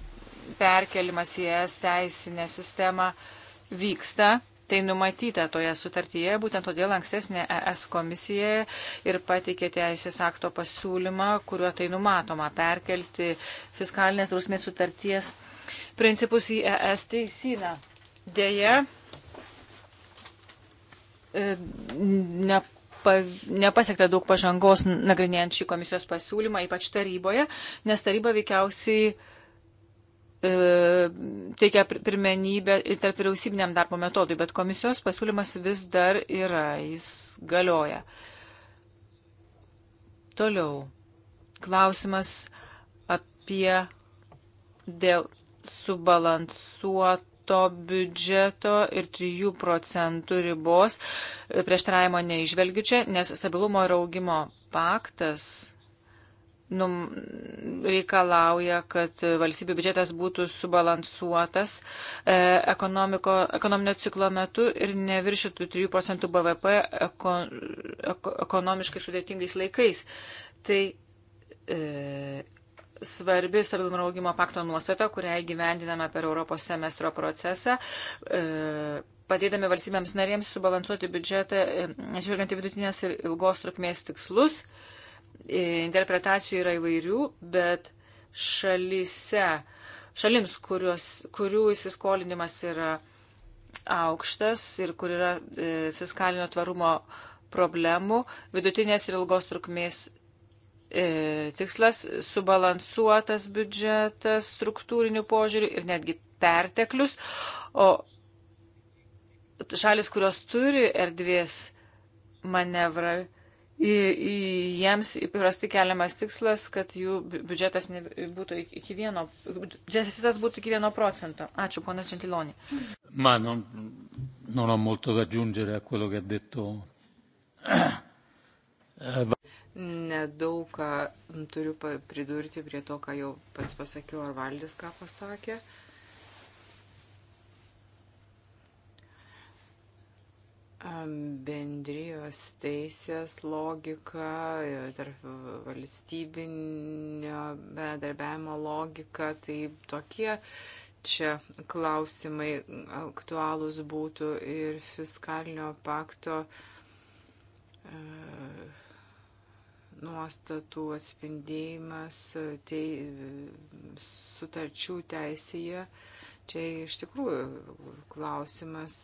perkelimas į ES teisinę sistemą vyksta. Tai numatyta toje sutartyje, būtent todėl ankstesnė ES komisija ir pateikė teisės akto pasiūlymą, kuriuo tai numatoma perkelti fiskalinės drausmės sutarties principus į ES teisyną. Deja, e, ne, nepasiekta daug pažangos nagrinėjant šį komisijos pasiūlymą, ypač taryboje, nes taryba veikiausiai E, teikia pirmenybę tarp vyriausybiniam darbo metodui, bet komisijos pasiūlymas vis dar yra, jis galioja. Toliau. Klausimas apie dėl subalansuoto biudžeto ir 3 procentų ribos. Prieštaravimo neižvelgiu čia, nes stabilumo ir augimo paktas num, reikalauja, kad valstybių biudžetas būtų subalansuotas e, ekonominio ciklo metu ir neviršytų 3 procentų BVP eko, eko, ekonomiškai sudėtingais laikais. Tai e, svarbi stabilumo augimo pakto nuostata, kurią įgyvendiname per Europos semestro procesą. E, padėdami valstybėms narėms subalansuoti biudžetą, e, atsižvelgiant į vidutinės ir ilgos trukmės tikslus. E, interpretacijų yra įvairių, bet šalyse, šalims, kurios, kurių įsiskolinimas yra aukštas ir kur yra e, fiskalinio tvarumo problemų, vidutinės ir ilgos trukmės e, tikslas - subalansuotas biudžetas struktūriniu požiūriu ir netgi perteklius, o šalis, kurios turi erdvės manevrą, jiems įprastai keliamas tikslas, kad jų biudžetas būtų iki vieno, biudžetas būtų iki vieno procento. Ačiū, ponas Gentiloni. Ma non, non ho molto da aggiungere a quello che ha detto. Nedaug ką turiu pridurti prie to, ką jau pats pasakiau, ar valdys ką pasakė. Uh, bendrijos teisės logika, e, tarp valstybinio bendarbiavimo logika, tai tokie čia klausimai aktualūs būtų ir fiskalinio pakto e, nuostatų atspindėjimas tai, sutarčių teisėje. Čia iš tikrųjų klausimas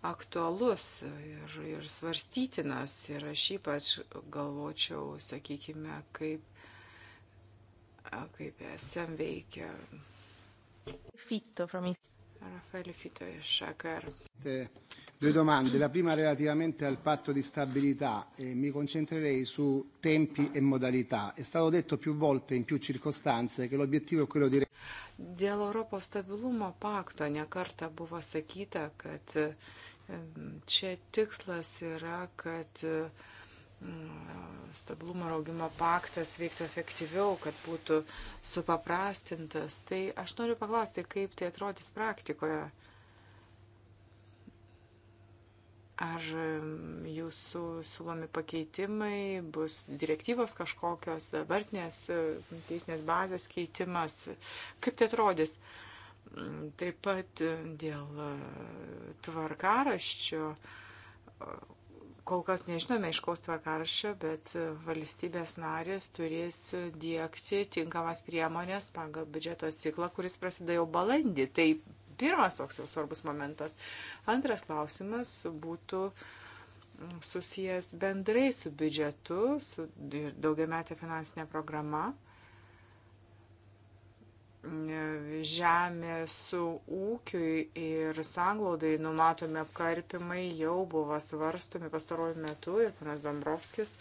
aktualus ir, ir svarstytinas. Ir aš ypač galvočiau, sakykime, kaip, kaip SM veikia. Fitto from Raffaele Fitto e Shaker. Due domande, la prima relativamente al patto di stabilità e mi concentrerei su tempi e modalità. È stato detto più volte in più circostanze che l'obiettivo è quello di... Dėl Europos stabilumo pakto nekarta buvo sakyta, kad Čia tikslas yra, kad mm, stabilumo ir augimo paktas veiktų efektyviau, kad būtų supaprastintas. Tai aš noriu paklausti, kaip tai atrodys praktikoje. Ar mm, jūsų siūlomi pakeitimai bus direktyvos kažkokios, dabartinės mm, teisinės bazės keitimas? Kaip tai atrodys? Uh, Taip pat dėl e, tvarkaraščio, e, kol kas nežinome iškaus tvarkaraščio, bet e, valstybės narės turės dėkti tinkamas priemonės pagal biudžeto ciklą, kuris prasideda jau balandį. Tai pirmas toks jau svarbus momentas. Antras klausimas būtų susijęs bendrai su biudžetu, su daugiametė finansinė programa žemės ūkiui ir sanglaudai numatomi apkarpimai jau buvo svarstomi pastaruoju metu ir panas Dombrovskis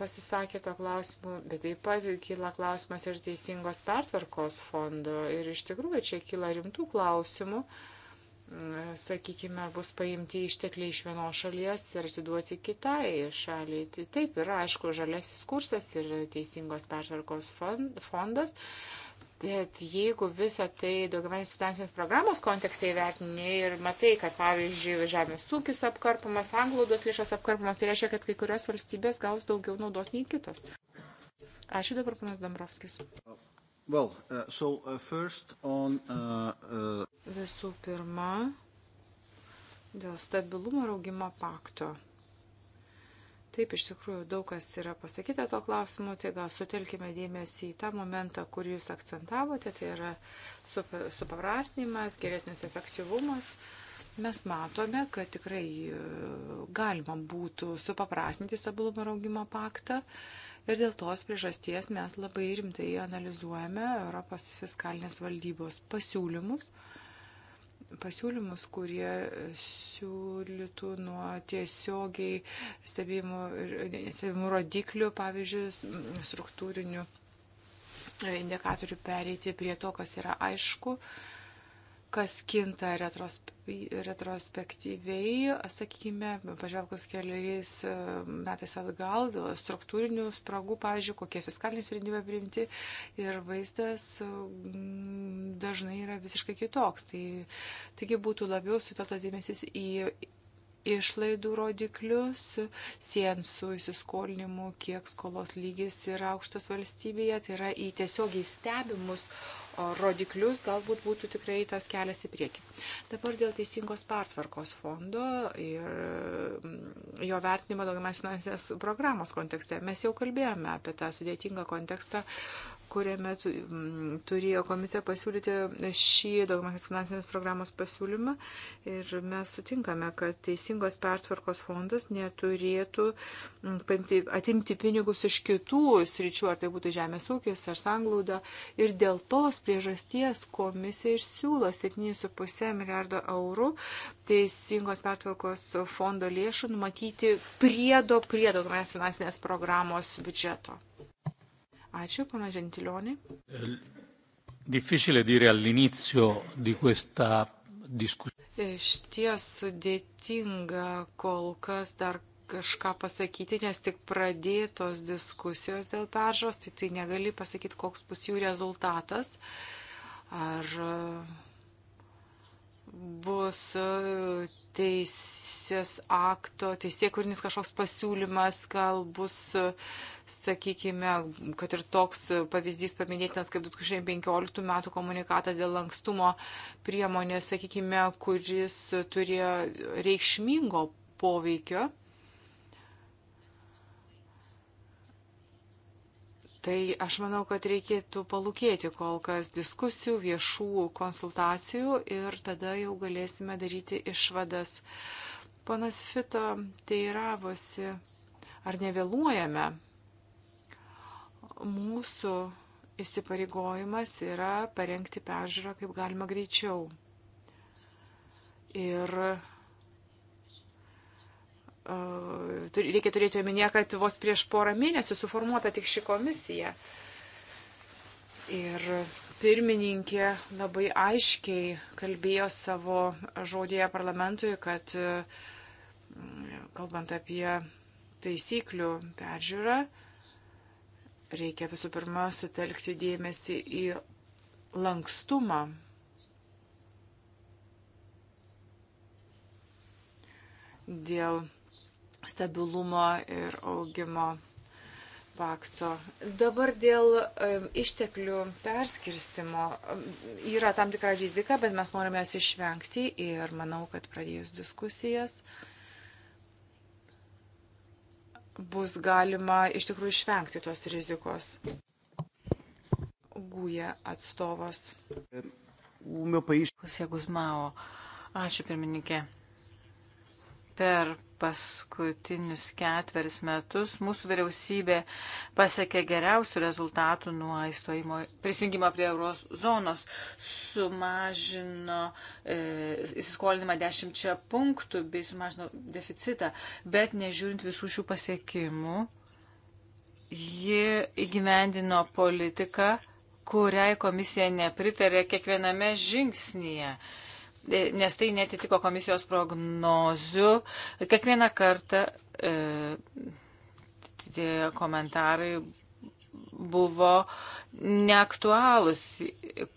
pasisakė to klausimu, bet taip pat kyla klausimas ir teisingos pertvarkos fondo. Ir iš tikrųjų čia kyla rimtų klausimų, sakykime, bus paimti ištekliai iš vienos šalies ir atiduoti kitai šaliai. Tai taip yra, aišku, žalesis kursas ir teisingos pertvarkos fondas. Bet jeigu visą tai daugiametės finansinės programos kontekste įvertini ir matai, kad pavyzdžiui žemės ūkis apkarpamas, anglaudos lėšas apkarpamas, tai reiškia, kad kai kurios valstybės gaus daugiau naudos nei kitos. Ačiū dabar, panas Dombrovskis. Well, uh, so, uh, first on, uh, uh... Visų pirma, dėl stabilumo ir augimo pakto. Taip, iš tikrųjų, daug kas yra pasakyta to klausimu, tai gal sutelkime dėmesį į tą momentą, kurį jūs akcentavote, tai yra supaprastinimas, geresnis efektyvumas. Mes matome, kad tikrai e, galima būtų supaprastinti stabilumo ir augimo paktą ir dėl tos priežasties mes labai rimtai analizuojame Europos fiskalinės valdybos pasiūlymus. Uh, pasiūlymus, kurie siūlytų nuo tiesiogiai stebimų, stebimų rodiklių, pavyzdžiui, struktūrinių indikatorių pereiti prie to, kas yra aišku. Uh, kas kinta retrospektyviai, sakykime, pažvelgus keliais e, metais atgal, dėl struktūrinių spragų, pavyzdžiui, kokie fiskaliniai sprendimai priimti ir vaizdas e, dažnai yra visiškai kitoks. Tai, taigi būtų labiau suteltas dėmesys į išlaidų rodiklius, siejant su įsiskolinimu, kiek skolos lygis yra aukštas valstybėje, tai yra į tiesiogiai stebimus rodiklius, galbūt būtų tikrai tas kelias į priekį. Dabar dėl teisingos pertvarkos fondo ir mm, jo vertinimo daugiamas finansinės programos kontekste. Mes jau kalbėjome apie tą sudėtingą kontekstą, kuriame mm, turėjo komisija pasiūlyti šį daugiamatės finansinės programos pasiūlymą. Ir mes sutinkame, kad teisingos pertvarkos fondas neturėtų mm, atimti pinigus iš kitų sričių, ar tai būtų žemės ūkis ar sanglauda. Ir dėl tos priežasties komisija ir siūlo 7,5 milijardo eurų teisingos pertvarkos fondo lėšų numatyti priedo prie daugiamatės finansinės programos biudžeto. Ačiū, pana Žentilionė. Eh, difficile dire all'inizio di questa discussione. Išties sudėtinga kol kas dar kažką pasakyti, nes tik pradėtos diskusijos dėl peržos, tai tai negali pasakyti, koks bus jų rezultatas. Ar e, bus e, teis teisės akto, teisėkurnis kažkoks pasiūlymas, gal bus, sakykime, kad ir toks pavyzdys paminėtinas kaip 2015 metų komunikatas dėl lankstumo priemonės, sakykime, kuris turėjo reikšmingo poveikio. Tai aš manau, kad reikėtų palūkėti kol kas diskusijų, viešų konsultacijų ir tada jau galėsime daryti išvadas. Uh, Panas Fito teiravosi, ar nevėluojame. Mūsų įsipareigojimas yra parengti peržiūrą kaip galima greičiau. Ir e, reikia turėti omenyje, kad vos prieš porą mėnesių suformuota tik ši komisija. Ir pirmininkė labai aiškiai kalbėjo savo žodėje parlamentui, kad uh, kalbant apie taisyklių peržiūrą, reikia visų pirma sutelkti dėmesį į lankstumą. Dėl stabilumo ir augimo pakto. Dabar dėl išteklių perskirstimo yra tam tikra rizika, bet mes norime jos išvengti ir manau, kad pradėjus diskusijas uh, bus galima iš tikrųjų išvengti tos rizikos. Gūja atstovas. Pusė Guzmao. Ačiū pirmininkė. Per paskutinius ketveris metus mūsų vyriausybė pasiekė geriausių rezultatų nuo įstojimo prisijungimo prie euros zonos, sumažino e, įsiskolinimą dešimčia punktų bei sumažino deficitą, bet nežiūrint visų šių pasiekimų, ji įgyvendino politiką, kuriai komisija nepritarė kiekviename žingsnyje. E, nes tai netitiko komisijos prognozių. Kiekvieną kartą e, tie komentarai buvo neaktualūs.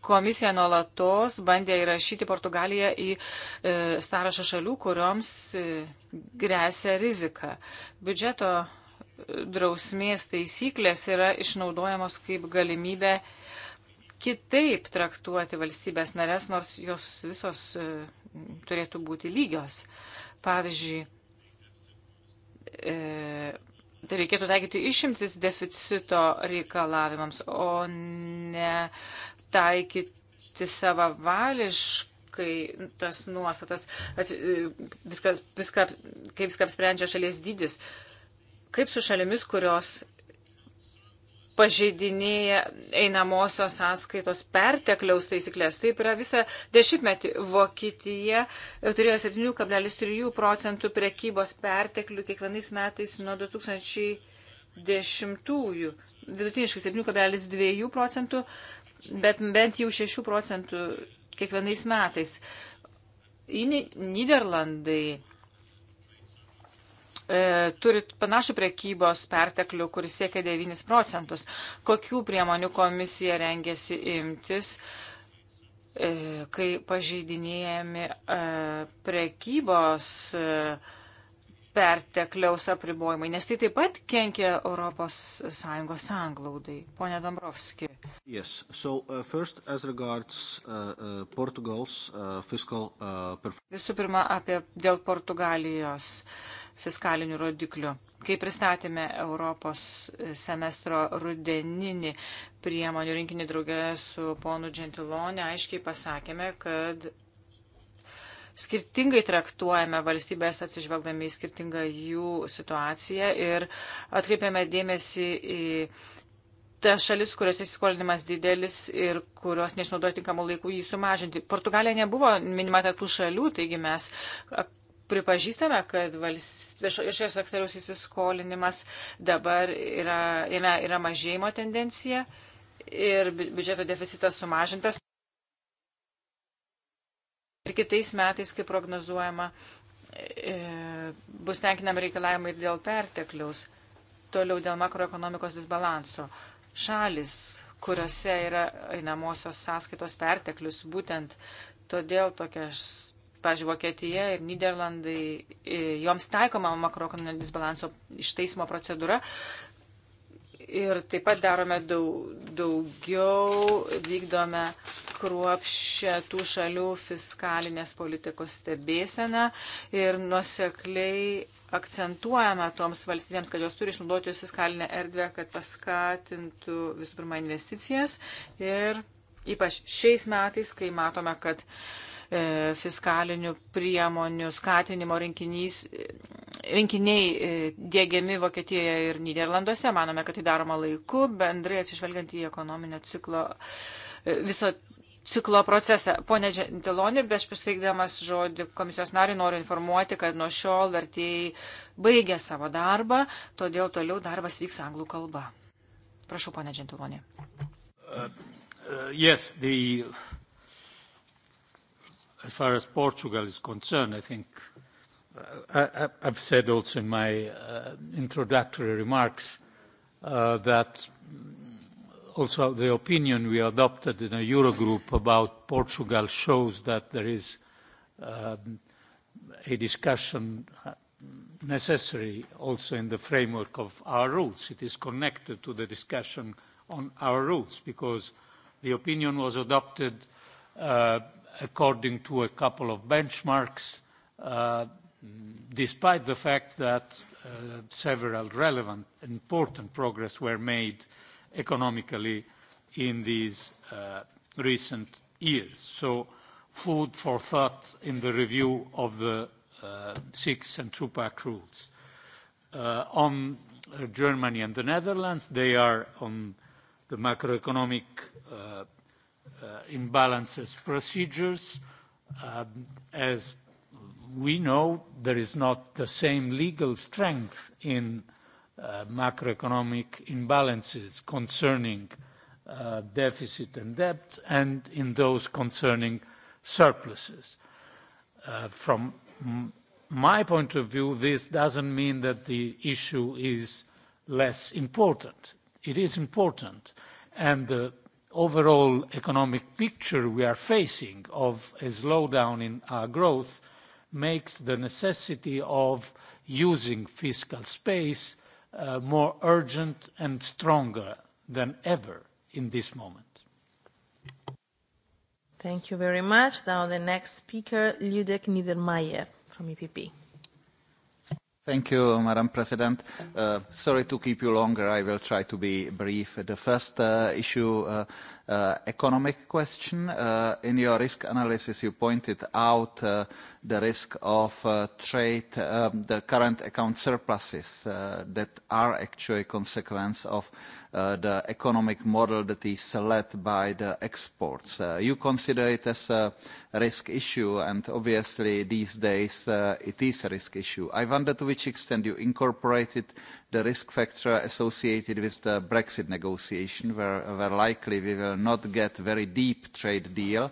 Komisija nuolatos bandė įrašyti Portugaliją į e, sąrašą šalių, kurioms e, grėsia rizika. Biudžeto e, drausmės taisyklės yra išnaudojamos kaip galimybė e, kitaip traktuoti valstybės narės, nors jos visos e, turėtų būti lygios. Pavyzdžiui, e, tai reikėtų taikyti išimtis deficito reikalavimams, o ne taikyti savavališkai kai tas nuostatas, e, viskas, viską, kaip viską apsprendžia šalies dydis. Kaip su šalimis, kurios pažeidinėja einamosios sąskaitos pertekliaus taisyklės. Taip yra visą dešimtmetį Vokietija turėjo 7,3 procentų prekybos perteklių kiekvienais metais nuo 2010-ųjų, vidutiniškai 7,2 procentų, bet bent jau 6 procentų kiekvienais metais. Į Niderlandai E, turi panašų prekybos perteklių, kuris siekia 9 procentus. Kokių priemonių komisija rengėsi imtis, e, kai pažeidinėjami e, prekybos pertekliaus apribojimai, nes tai taip pat kenkia ES sanglaudai. Pone Dombrovski. Yes. So, uh, first, as regards uh, uh, Portugal's uh, fiscal uh, performance. Visų pirma, apie dėl Portugalijos. Uh, fiskalinių rodiklių. Kai pristatėme Europos semestro rudeninį priemonių rinkinį draugę su ponu Gentilonė, aiškiai pasakėme, kad skirtingai traktuojame valstybės atsižvelgdami į skirtingą jų situaciją ir atkreipiame dėmesį į tas šalis, kuriuose įsiskolinimas didelis ir kurios neišnaudoja tinkamų laikų jį sumažinti. Portugalija nebuvo minima tarp tų šalių, taigi mes pripažįstame, kad viešojo sektoriaus įsiskolinimas dabar yra, yra, yra mažėjimo tendencija ir biudžeto deficitas sumažintas. Ir kitais metais, kaip prognozuojama, e, bus tenkinami reikalavimai dėl pertekliaus, toliau dėl makroekonomikos disbalanso. Šalis, kuriuose yra einamosios sąskaitos perteklius, būtent todėl tokias pavyzdžiui, Vokietija ir Niderlandai, e, joms taikoma makroekonominio disbalanso išteismo procedūra. Ir taip pat darome daug, daugiau, vykdome kruopščią tų šalių fiskalinės politikos stebėseną ir nuosekliai akcentuojame toms valstybėms, kad jos turi išnaudoti fiskalinę erdvę, kad paskatintų visų pirma investicijas. Ir ypač šiais metais, kai matome, kad uh, E, fiskalinių priemonių skatinimo rinkinys, rinkiniai e, dėgiami Vokietijoje ir Niderlanduose. Manome, kad tai daroma laiku, bendrai atsižvelgiant į ekonominio ciklo e, viso ciklo procesą. Pone Džentiloni, prieš pristaigdamas žodį komisijos nariui noriu informuoti, kad nuo šiol vertėjai baigė savo darbą, todėl toliau darbas vyks anglų kalba. Prašau, pone Džentiloni. Uh, uh, yes, the as far as Portugal is concerned, I think uh, I, I've said also in my uh, introductory remarks uh, that also the opinion we adopted in a Eurogroup about Portugal shows that there is um, a discussion uh, necessary also in the framework of our rules. It is connected to the discussion on our rules because the opinion was adopted uh, according to a couple of benchmarks, uh, despite the fact that uh, several relevant, important progress were made economically in these uh, recent years. So food for thought in the review of the uh, six and two-pack rules. Uh, on uh, Germany and the Netherlands, they are on the macroeconomic uh, uh, imbalances procedures. Um, as we know, there is not the same legal strength in uh, macroeconomic imbalances concerning uh, deficit and debt and in those concerning surpluses. Uh, from my point of view, this doesn't mean that the issue is less important. It is important. And the overall economic picture we are facing of a slowdown in our growth makes the necessity of using fiscal space uh, more urgent and stronger than ever in this moment. Thank you very much. Now the next speaker, Ludek Niedermayer from EPP. Thank you, Madam President. Uh, sorry to keep you longer. I will try to be brief. The first uh, issue uh, uh, economic question. Uh, in your risk analysis, you pointed out uh, the risk of uh, trade, um, the current account surpluses uh, that are actually a consequence of uh, the economic model that is led by the exports. Uh, you consider it as a risk issue, and obviously these days uh, it is a risk issue. I wonder to which extent you incorporated the risk factor associated with the Brexit negotiation, where, where likely we will not get very deep trade deal,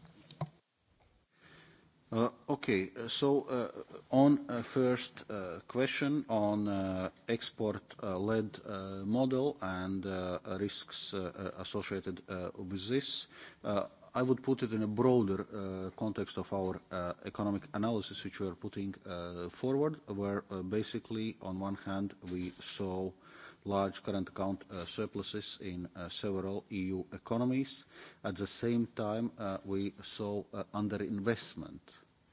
Uh, okay. Uh, so, uh, on uh, first uh, question on uh, export-led model and risks associated with this, I would put it in a broader context of our economic analysis, which we are putting forward, where basically on one hand, we saw large current account uh, surpluses in uh, several EU economies. At the same time, uh, we saw underinvestment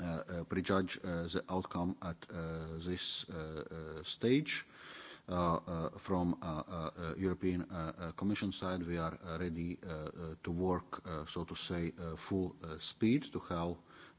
uh, uh, prejudge uh, the outcome at uh, this uh, uh, stage. Uh, uh, from uh, uh, uh, European uh, uh, Commission side, we are uh, ready uh, uh, to work, uh, so to say, uh, full uh, speed to help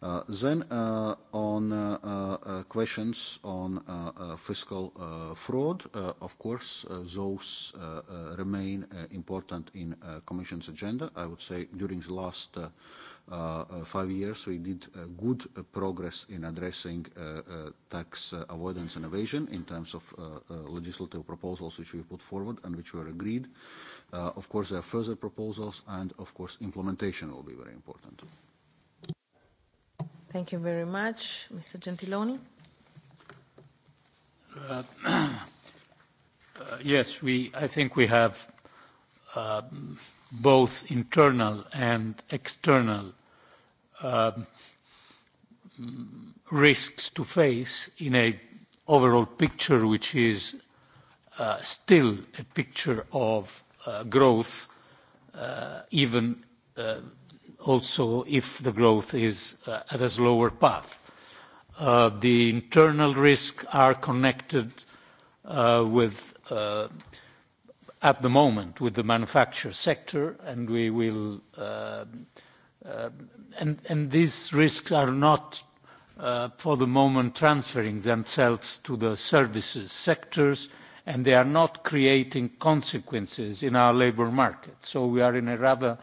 Uh, then uh, on uh, uh, questions on uh, uh, fiscal uh, fraud, uh, of course, uh, those uh, uh, remain uh, important in uh, Commission's agenda. I would say during the last uh, uh, uh, five years we did uh, good uh, progress in addressing uh, uh, tax uh, avoidance and evasion in terms of uh, uh, legislative proposals which we put forward and which were agreed. Uh, of course, there are further proposals and, of course, implementation will be very important. Mm -hmm. Thank you very much. Mr. Gentiloni? Uh, uh, yes, we, I think we have uh, both internal and external um, risks to face in a overall picture, which is uh, still a picture of uh, growth, uh, even also if the growth is uh, at a slower path. Uh, the internal risks are connected uh, with, uh, at the moment, with the manufacture sector, and we will. Uh, uh, and, and these risks are not, uh, for the moment, transferring themselves to the services sectors, and they are not creating consequences in our labor market. So we are in a rather uh,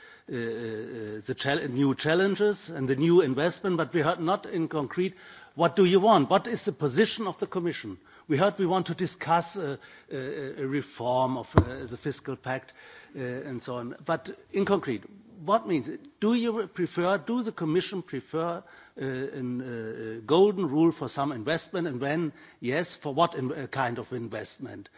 Uh, uh, uh, the chal new challenges and the new investment, but we heard not in concrete what do you want? What is the position of the Commission? We heard we want to discuss a, a, a reform of uh, the fiscal pact uh, and so on. But in concrete, what means it? Do you prefer, do the Commission prefer uh, a uh, golden rule for some investment and when, yes, for what in, uh, kind of investment? Uh,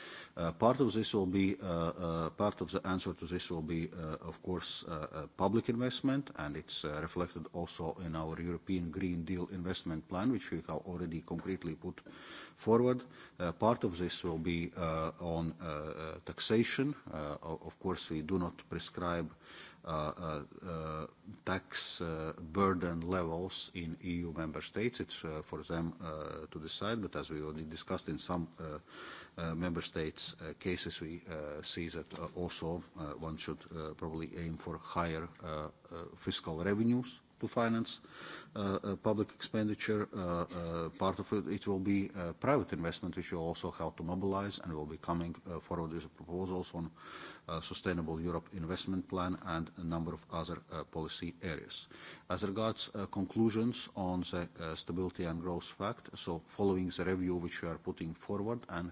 Uh, part of this will be, uh, uh, part of the answer to this will be, uh, of course, uh, uh, public investment, and it's uh, reflected also in our European Green Deal investment plan, which we have already concretely put forward. Uh, part of this will be uh, on uh, uh taxation. Uh, of course, we do not prescribe uh, Uh, uh, uh, tax uh, burden levels in EU member states. It's uh, for them uh, to decide, but as we already discussed in some uh, uh, member states' uh, cases, we uh, see that uh, also uh, one should uh, probably aim for higher uh, uh, fiscal revenues to finance uh, uh, public expenditure. Uh, uh, part of it, it will be uh, private investment, which will also have to mobilize and will be coming uh, forward with proposals on uh, Sustainable Europe Investment Plan and a number of other uh, policy areas. As regards uh, conclusions on the uh, Stability and Growth Pact, so following the review which we are putting forward and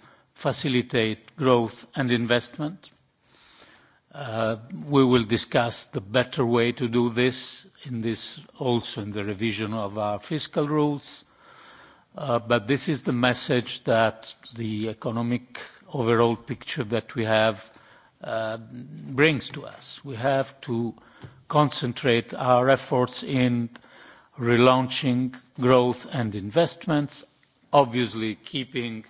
facilitate growth and investment. Uh, we will discuss the better way to do this in this also in the revision of our fiscal rules. Uh, but this is the message that the economic overall picture that we have uh, brings to us. We have to concentrate our efforts in relaunching growth and investments, obviously keeping uh,